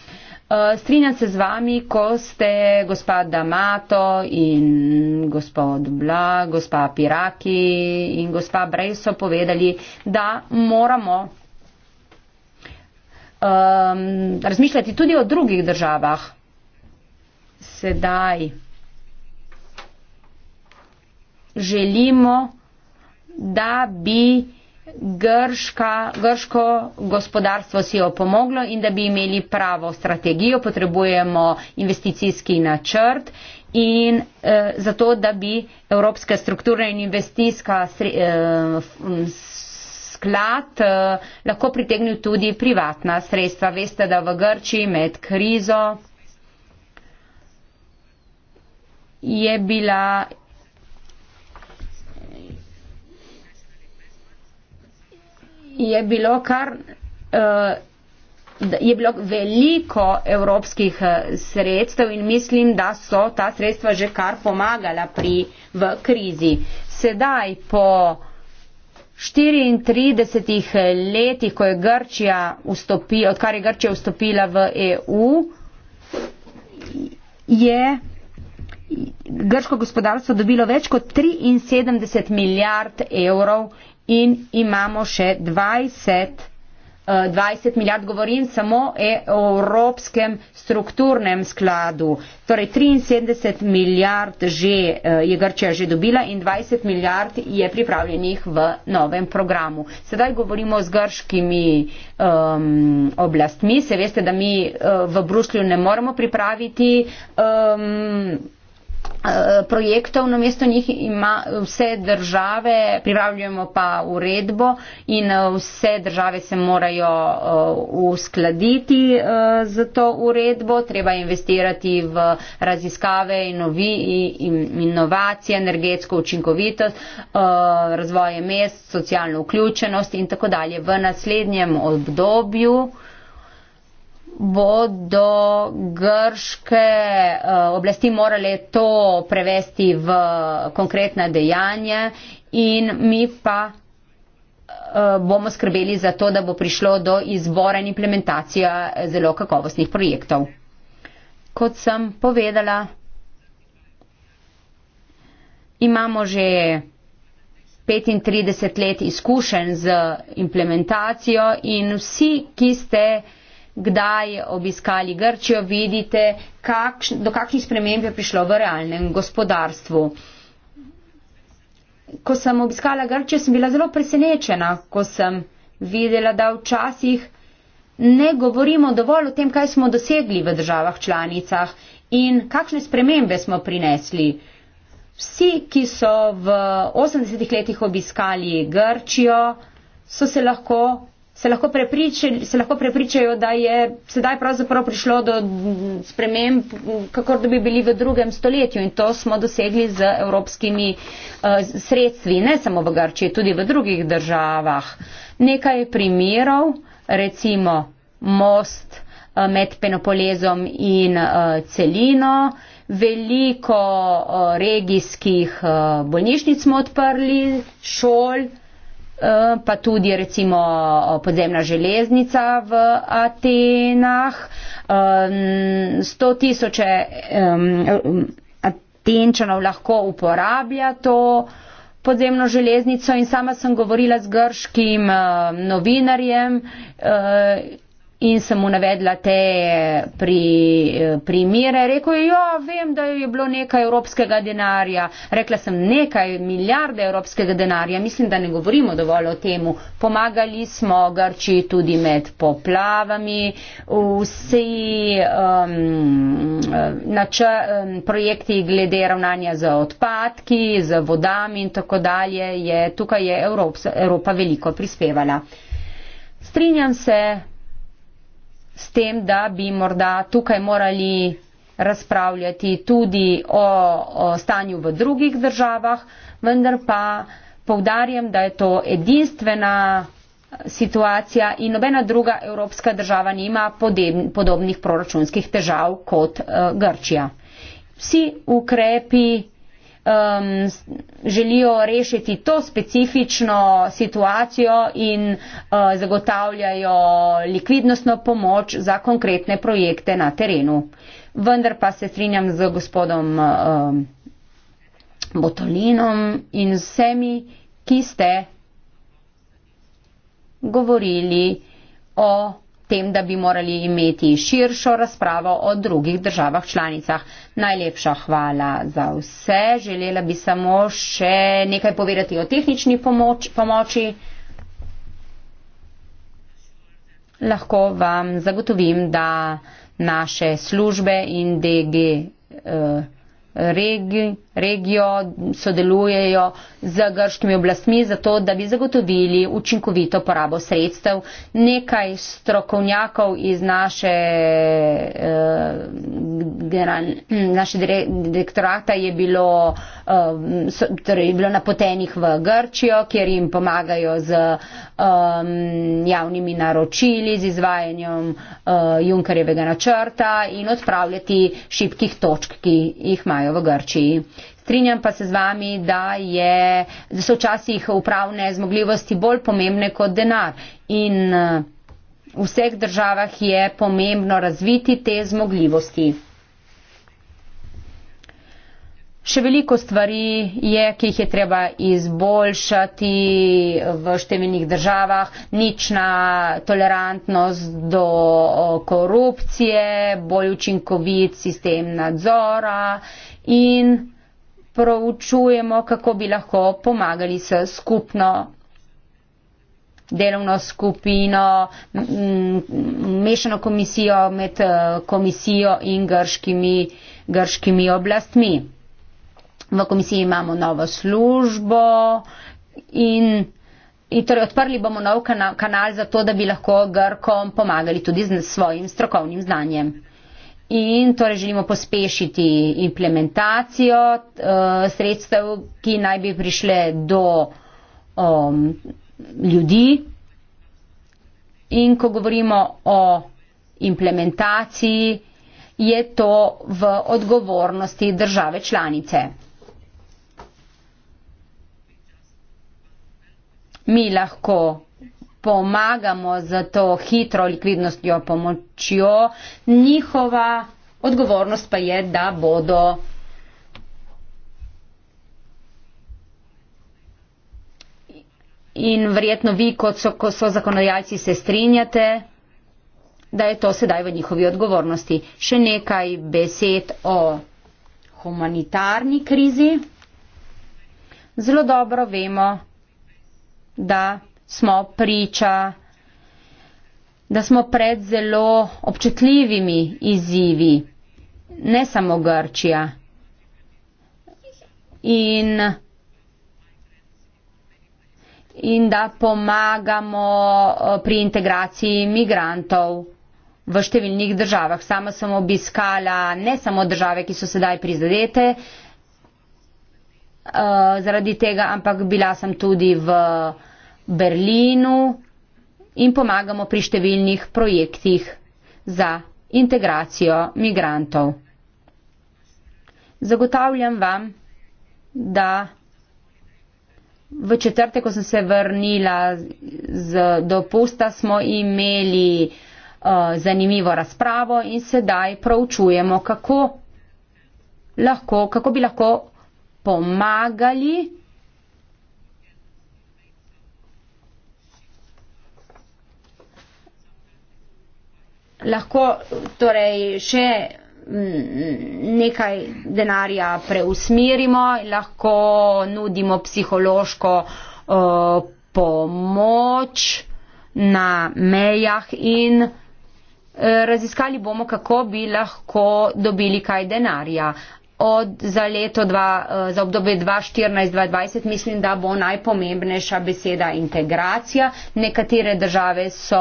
strinjam se z vami, ko ste gospod Damato in gospod Bla, gospa Piraki in gospa Brejso povedali, da moramo um, razmišljati tudi o drugih državah. Sedaj želimo da bi grška, grško gospodarstvo si opomoglo in da bi imeli pravo strategijo, potrebujemo investicijski načrt in eh, zato, da bi Evropska struktura in investicijska eh, sklad eh, lahko pritegnil tudi privatna sredstva. Veste, da v Grčiji med krizo je bila je bilo kar. Uh, Je bilo veliko evropskih eh, sredstev in mislim, da so ta sredstva že kar pomagala pri v krizi. Sedaj, po 34 eh, letih, ko je Grčija vstopila, odkar je Grčija vstopila v EU, je grško gospodarstvo dobilo več kot 73 milijard evrov in imamo še 20, 20 eh, milijard, govorim samo o Evropskem strukturnem skladu. Torej 73 milijard že, eh, je Grčija že dobila in 20 milijard je pripravljenih v novem programu. Sedaj govorimo z grškimi um, oblastmi. Se veste, da mi uh, v Bruslju ne moremo pripraviti. Um, Eh, projektov, namesto njih ima vse države, pripravljamo pa uredbo in eh, vse države se morajo eh, uskladiti z to uredbo, treba investirati v raziskave in inovacije, energetsko učinkovitost, razvoje mest, socialno vključenost in tako dalje. V naslednjem obdobju bodo grške eh, oblasti morale to prevesti v konkretna dejanja in mi pa eh, bomo skrbeli za to, da bo prišlo do izbora in implementacija zelo kakovostnih projektov. Kot sem povedala, imamo že 35 let izkušenj z implementacijo in vsi, ki ste kdaj obiskali Grčijo, vidite, kakš, do kakšnih sprememb je prišlo v realnem gospodarstvu. Ko sem obiskala Grčijo, sem bila zelo presenečena, ko sem videla, da včasih ne govorimo dovolj o tem, kaj smo dosegli v državah članicah in kakšne spremembe smo prinesli. Vsi, ki so v 80-ih letih obiskali Grčijo, so se lahko se lahko, prepriči, se lahko prepričajo, da je sedaj pravzaprav prišlo do sprememb, kako da bi bili v drugem stoletju in to smo dosegli z evropskimi uh, sredstvi, ne samo v Grčiji, tudi v drugih državah. Nekaj primerov, recimo most eh, med Penopolezom in uh, Celino, veliko uh, regijskih uh, bolnišnic smo odprli, šol, Eh, pa tudi recimo eh, podzemna železnica v Atenah. 100 tisoč Atenčanov lahko uporablja to podzemno železnico in sama sem govorila z grškim eh, novinarjem in sem mu navedla te eh, pri, eh, primere. Rekl je, jo, ja, vem, da je bilo nekaj evropskega denarja. Rekla sem nekaj milijarde evropskega denarja. Mislim, da ne govorimo dovolj o temu. Pomagali smo Grči tudi med poplavami. Vsi um, nače, um, projekti glede ravnanja z odpadki, z vodami in tako dalje, je tukaj je Evrops, Evropa veliko prispevala. Strinjam se, s tem, da bi morda tukaj morali razpravljati tudi o, o stanju v drugih državah, vendar pa povdarjam, da je to edinstvena situacija in nobena druga evropska država nima podobnih proračunskih težav kot eh, Grčija. Vsi ukrepi um, želijo rešiti to specifično situacijo in uh, zagotavljajo likvidnostno pomoč za konkretne projekte na terenu. Vendar pa se strinjam z gospodom um, Botolinom in vsemi, ki ste govorili o tem, da bi morali imeti širšo razpravo o drugih državah članicah. Najlepša hvala za vse. Želela bi samo še nekaj povedati o tehnični pomoč, pomoči. Lahko vam zagotovim, da naše službe in DG eh, regi, regijo, sodelujejo z grškimi oblastmi, zato da bi zagotovili učinkovito porabo sredstev. Nekaj strokovnjakov iz naše, uh, naše direktorata je bilo, uh, so, torej je bilo napotenih v Grčijo, kjer jim pomagajo z um, javnimi naročili, z izvajanjem uh, eh, Junkarjevega načrta in odpravljati šibkih točk, ki jih imajo v Grčiji. Strinjam pa se z vami, da, je, da so včasih upravne zmogljivosti bolj pomembne kot denar. In eh, v vseh državah je pomembno razviti te zmogljivosti. Še veliko stvari je, ki jih je treba izboljšati v številnih državah. Nična tolerantnost do korupcije, bolj učinkovit sistem nadzora in proučujemo, kako bi lahko pomagali s skupno delovno skupino, mešano komisijo med eh, komisijo in grškimi, grškimi oblastmi. V komisiji imamo novo službo in, in torej odprli bomo nov kanal, kanal za to, da bi lahko Grkom pomagali tudi z svojim strokovnim znanjem in torej želimo pospešiti implementacijo uh, sredstev, ki naj bi prišle do um, ljudi. In ko govorimo o implementaciji, je to v odgovornosti države članice. Mi lahko pomagamo z to hitro likvidnostjo pomočjo, njihova odgovornost pa je, da bodo in verjetno vi kot so, ko so zakonodajalci se strinjate, da je to sedaj v njihovi odgovornosti. Še nekaj besed o humanitarni krizi. Zelo dobro vemo, da smo priča, da smo pred zelo občutljivimi izzivi, ne samo Grčija. In, in da pomagamo eh, pri integraciji migrantov v številnih državah. Sama sem obiskala ne samo države, ki so sedaj prizadete uh, zaradi tega, ampak bila sem tudi v uh, Berlinu in pomagamo pri številnih projektih za integracijo migrantov. Zagotavljam vam, da v četrtek, ko sem se vrnila z dopusta, smo imeli uh, zanimivo razpravo in sedaj proučujemo, kako, lahko, kako bi lahko pomagali lahko torej še mm, nekaj denarja preusmerimo, lahko nudimo psihološko uh, pomoč na mejah in eh, Raziskali bomo, kako bi lahko dobili kaj denarja. Od za leto, dva, eh, za obdobje 2014-2020 mislim, da bo najpomembnejša beseda integracija. Nekatere države so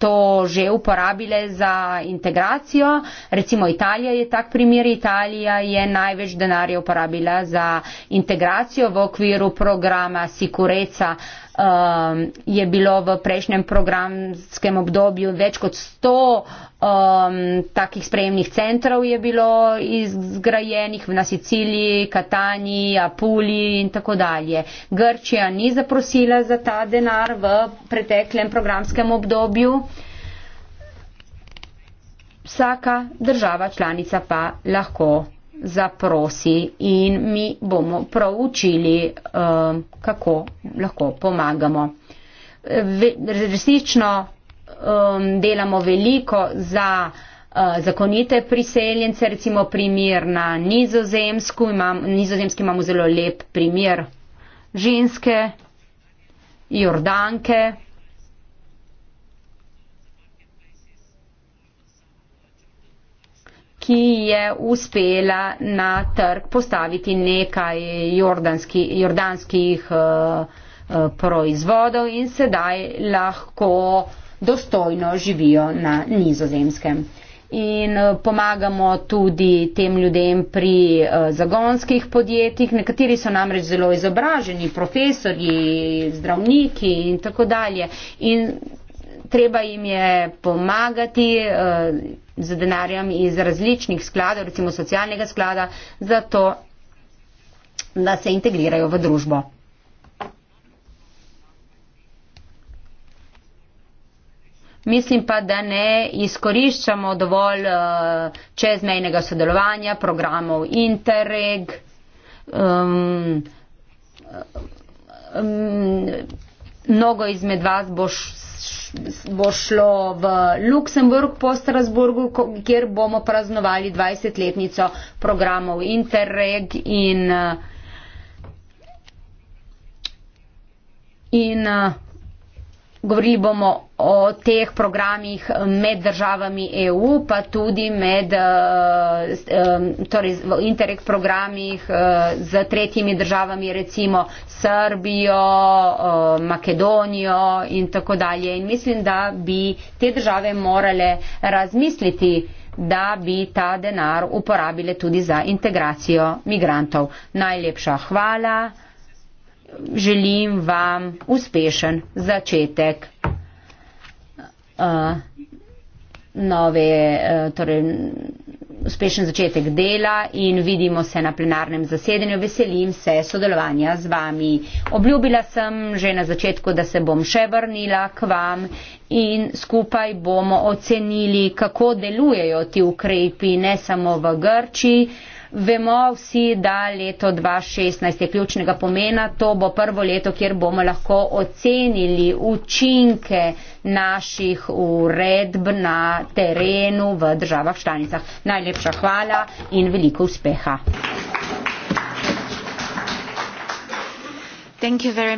to že uporabile za integracijo. Recimo Italija je tak primer. Italija je največ denarja uporabila za integracijo v okviru programa Sicurezza um, je bilo v prejšnjem programskem obdobju več kot 100 um, takih sprejemnih centrov je bilo izgrajenih na Siciliji, Kataniji, Apuliji in tako dalje. Grčija ni zaprosila za ta denar v preteklem programskem obdobju. Vsaka država članica pa lahko zaprosi in mi bomo proučili, eh, kako lahko pomagamo. Resnično eh, delamo veliko za eh, zakonite priseljence, recimo primer na nizozemsku, imam, nizozemski imamo zelo lep primer ženske, Jordanke, ki je uspela na trg postaviti nekaj jordanski, jordanskih uh, proizvodov in sedaj lahko dostojno živijo na nizozemskem. In eh, pomagamo tudi tem ljudem pri zagonskih podjetjih. Nekateri so namreč zelo izobraženi, profesori, zdravniki in tako dalje. In treba jim je pomagati uh, z denarjem iz različnih skladov, recimo socialnega sklada, zato da se integrirajo v družbo. Mislim pa, da ne izkoriščamo dovolj uh, čezmejnega sodelovanja, programov Interreg. Um, um, mnogo izmed vas bo bo šlo v Luksemburg po Strasburgu, kjer bomo praznovali 20-letnico programov Interreg in, eh, in eh, Govorili bomo o teh programih med državami EU, pa tudi med, eh, torej v interreg programih z eh, tretjimi državami, recimo Srbijo, eh, Makedonijo in tako dalje. In mislim, da bi te države morale razmisliti, da bi ta denar uporabile tudi za integracijo migrantov. Najlepša hvala želim vam uspešen začetek uh, nove, uh, torej uspešen začetek dela in vidimo se na plenarnem zasedanju. Veselim se sodelovanja z vami. Obljubila sem že na začetku, da se bom še vrnila k vam in skupaj bomo ocenili, kako delujejo ti ukrepi, ne samo v Grčiji, Vemo vsi, da leto 2016 je ključnega pomena. To bo prvo leto, kjer bomo lahko ocenili učinke naših uredb na terenu v državah članicah. Najlepša hvala in veliko uspeha.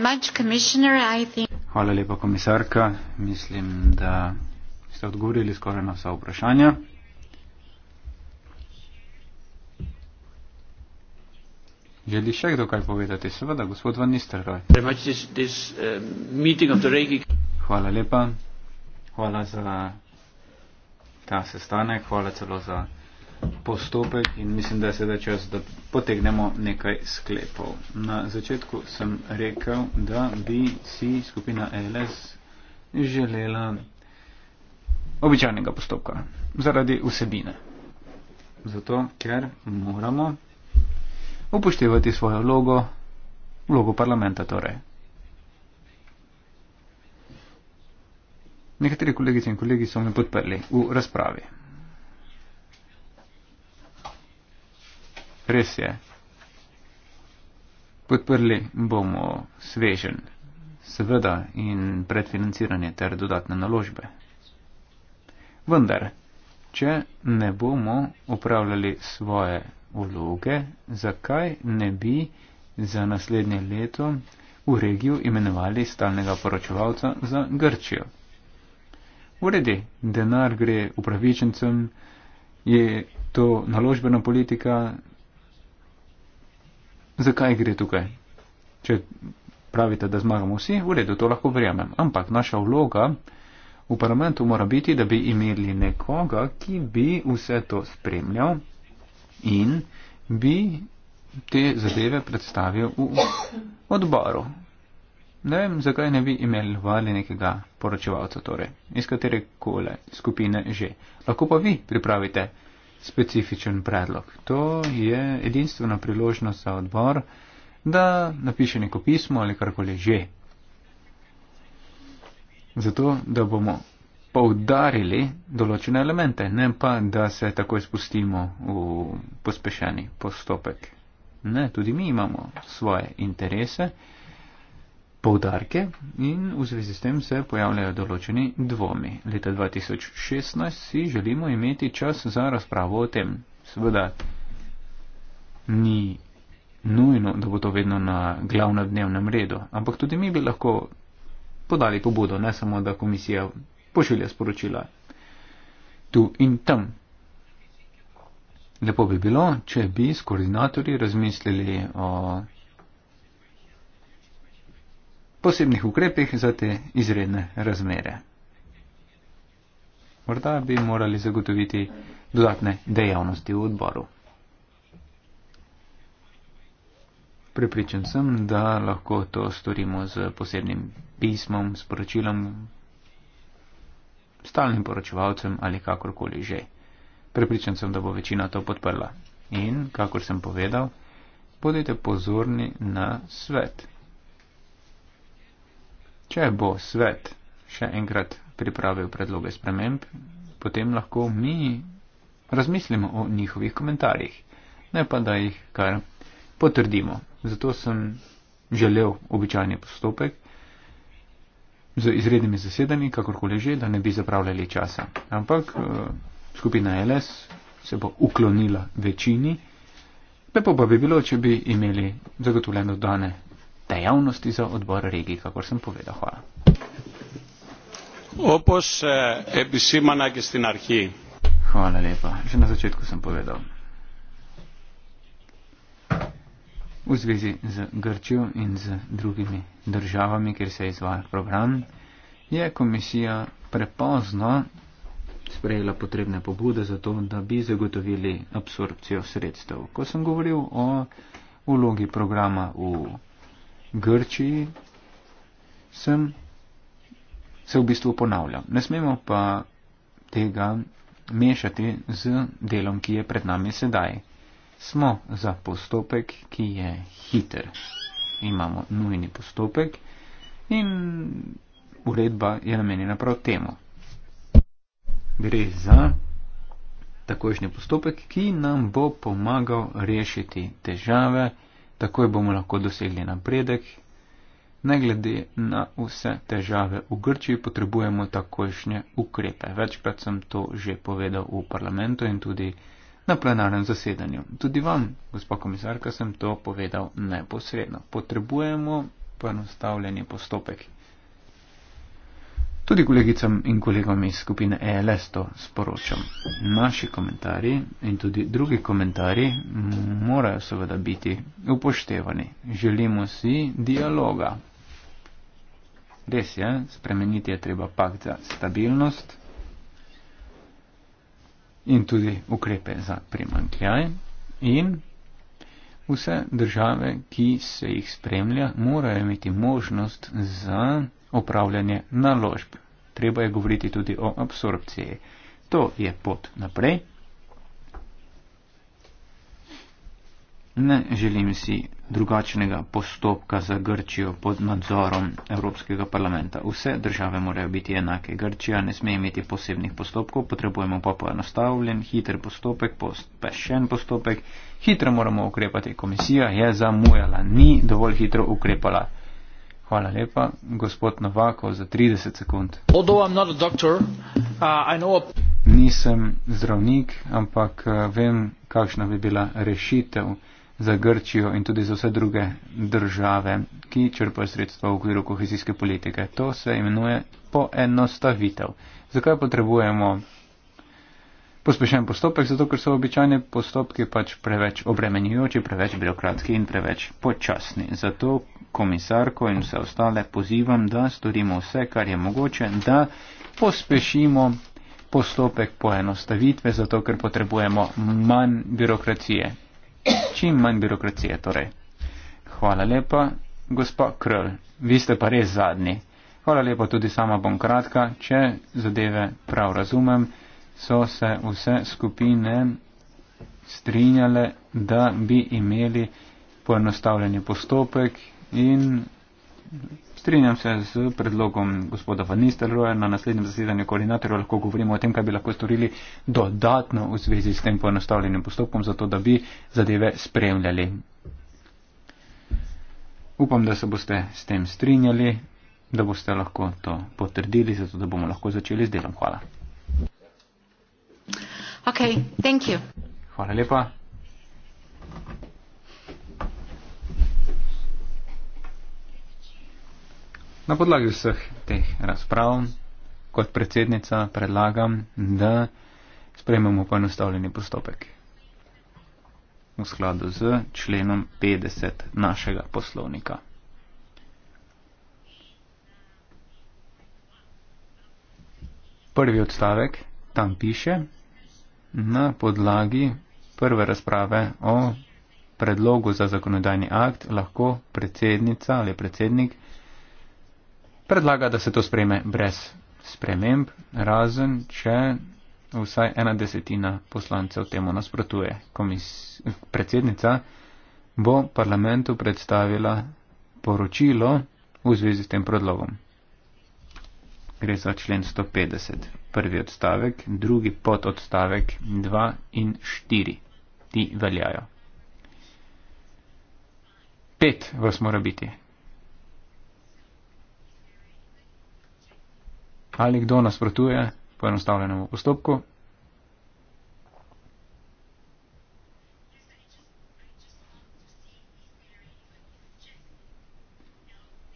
Much, think... Hvala lepa, komisarka. Mislim, da ste odgovorili skoraj na vsa vprašanja. Želi še kdo kaj povedati? Seveda, gospod Van Nistelrooy. Um, hvala lepa. Hvala za ta sestanek, hvala celo za postopek in mislim, da je sedaj čas, da potegnemo nekaj sklepov. Na začetku sem rekel, da bi si skupina LS želela običajnega postopka zaradi vsebine. Zato, ker moramo upoštevati svojo vlogo, vlogo parlamenta torej. Nekateri kolegice in kolegi so me podprli v razpravi. Res je. Podprli bomo svežen, seveda, in predfinanciranje ter dodatne naložbe. Vendar, če ne bomo upravljali svoje vloge, zakaj ne bi za naslednje leto v regijo imenovali stalnega poročevalca za Grčijo. V redi, denar gre upravičencem, je to naložbena politika. Zakaj gre tukaj? Če pravite, da zmagamo vsi, v redu, to lahko verjamem. Ampak naša vloga v parlamentu mora biti, da bi imeli nekoga, ki bi vse to spremljal in bi te zadeve predstavil v odboru. Ne vem, zakaj ne bi imeli nekega poročevalca, torej iz katere koli skupine že. Lahko pa vi pripravite specifičen predlog. To je edinstvena priložnost za odbor, da napiše neko pismo ali karkoli že. Zato, da bomo poudarili določene elemente, ne pa, da se takoj spustimo v pospešeni postopek. Ne, tudi mi imamo svoje interese, poudarke in v zvezi s tem se pojavljajo določeni dvomi. Leta 2016 si želimo imeti čas za razpravo o tem. Seveda ni nujno, da bo to vedno na glavnem dnevnem redu, ampak tudi mi bi lahko podali pobudo, ne samo, da komisija pošilja sporočila tu in tam. Lepo bi bilo, če bi s koordinatorji razmislili o posebnih ukrepih za te izredne razmere. Morda bi morali zagotoviti dodatne dejavnosti v odboru. Pripričan sem, da lahko to storimo z posebnim pismom, sporočilom, stalnim poročevalcem ali kakorkoli že. Prepričan sem, da bo večina to podprla. In, kakor sem povedal, bodite pozorni na svet. Če bo svet še enkrat pripravil predloge sprememb, potem lahko mi razmislimo o njihovih komentarjih, ne pa da jih kar potrdimo. Zato sem želel običajni postopek, z izrednimi zasedami, kakorkoli že, da ne bi zapravljali časa. Ampak uh, skupina LS se bo uklonila večini, lepo pa bi bilo, če bi imeli zagotovljeno dane dejavnosti za odbor regij, kakor sem povedal. Hvala. Eh, Hvala lepa. Že na začetku sem povedal. v zvezi z Grčijo in z drugimi državami, kjer se izvaja program, je komisija prepozno sprejela potrebne pobude za to, da bi zagotovili absorpcijo sredstev. Ko sem govoril o vlogi programa v Grčiji, sem se v bistvu ponavljal. Ne smemo pa tega mešati z delom, ki je pred nami sedaj smo za postopek, ki je hiter. Imamo nujni postopek in uredba je namenjena prav temu. Gre za takojšnji postopek, ki nam bo pomagal rešiti težave, takoj bomo lahko dosegli napredek. Ne glede na vse težave v Grčiji, potrebujemo takojšnje ukrepe. Večkrat sem to že povedal v parlamentu in tudi na plenarnem zasedanju. Tudi vam, gospod komisarka, sem to povedal neposredno. Potrebujemo poenostavljanje postopek. Tudi kolegicam in kolegom iz skupine ELS to sporočam. Naši komentarji in tudi drugi komentarji morajo seveda biti upoštevani. Želimo si dialoga. Res je, spremeniti je treba pakt za stabilnost in tudi ukrepe za primankljaje. In vse države, ki se jih spremlja, morajo imeti možnost za opravljanje naložb. Treba je govoriti tudi o absorpciji. To je pot naprej. Ne želim si drugačnega postopka za Grčijo pod nadzorom Evropskega parlamenta. Vse države morajo biti enake. Grčija ne sme imeti posebnih postopkov, potrebujemo pa poenostavljen, hiter postopek, pospešen postopek. Hitro moramo ukrepati. Komisija je zamujala, ni dovolj hitro ukrepala. Hvala lepa, gospod Novakov, za 30 sekund. Doctor, uh, Nisem zdravnik, ampak uh, vem, kakšna bi bila rešitev za Grčijo in tudi za vse druge države, ki črpajo sredstva v okviru kohezijske politike. To se imenuje poenostavitev. Zakaj potrebujemo pospešen postopek? Zato, ker so običajne postopke pač preveč obremenjujoči, preveč birokratski in preveč počasni. Zato komisarko in vse ostale pozivam, da storimo vse, kar je mogoče, da pospešimo postopek poenostavitve, zato ker potrebujemo manj birokracije čim manj birokracije. Torej. Hvala lepa, gospod Krl, vi ste pa res zadnji. Hvala lepa, tudi sama bom kratka. Če zadeve prav razumem, so se vse skupine strinjale, da bi imeli poenostavljeni postopek in Strinjam se z predlogom gospoda Van Nistelrooja na naslednjem zasedanju koordinatorja, lahko govorimo o tem, kaj bi lahko storili dodatno v zvezi s tem poenostavljenim postopkom, zato da bi zadeve spremljali. Upam, da se boste s tem strinjali, da boste lahko to potrdili, zato da bomo lahko začeli z delom. Hvala. Okay, Hvala lepa. Na podlagi vseh teh razprav kot predsednica predlagam, da sprejmemo poenostavljeni postopek v skladu z členom 50 našega poslovnika. Prvi odstavek tam piše na podlagi prve razprave o predlogu za zakonodajni akt lahko predsednica ali predsednik predlaga, da se to sprejme brez sprememb, razen če vsaj ena desetina poslancev temu nasprotuje. Predsednica bo parlamentu predstavila poročilo v zvezi s tem predlogom. Gre za člen 150, prvi odstavek, drugi pod odstavek 2 in 4. Ti veljajo. Pet vas mora biti, ali kdo nasprotuje poenostavljenemu postopku.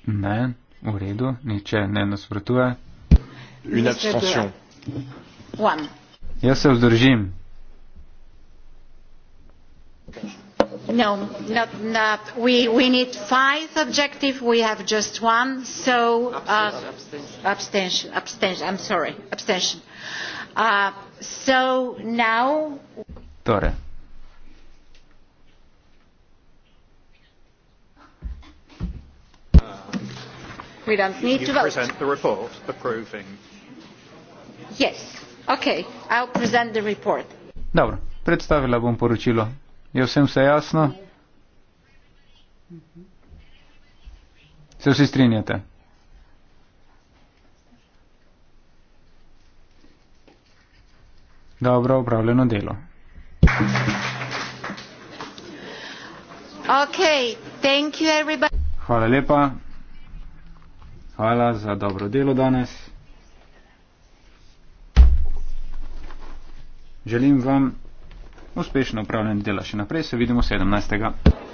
Ne, v redu, niče ne nasprotuje. Jaz se vzdržim. Okay. No, no, no. We, we need five objectives. We have just one. So uh, abstention. Abstention. I'm sorry. Abstention. Uh, so now. Tore. We don't need you to vote. present the report approving. Yes. Okay. I'll present the report. Dobro. Predstavila bom poročilo Je vsem vse jasno? Se vsi strinjate? Dobro upravljeno delo. Okay, thank you Hvala lepa. Hvala za dobro delo danes. Želim vam uspešno upravljanje dela še naprej, se vidimo 17.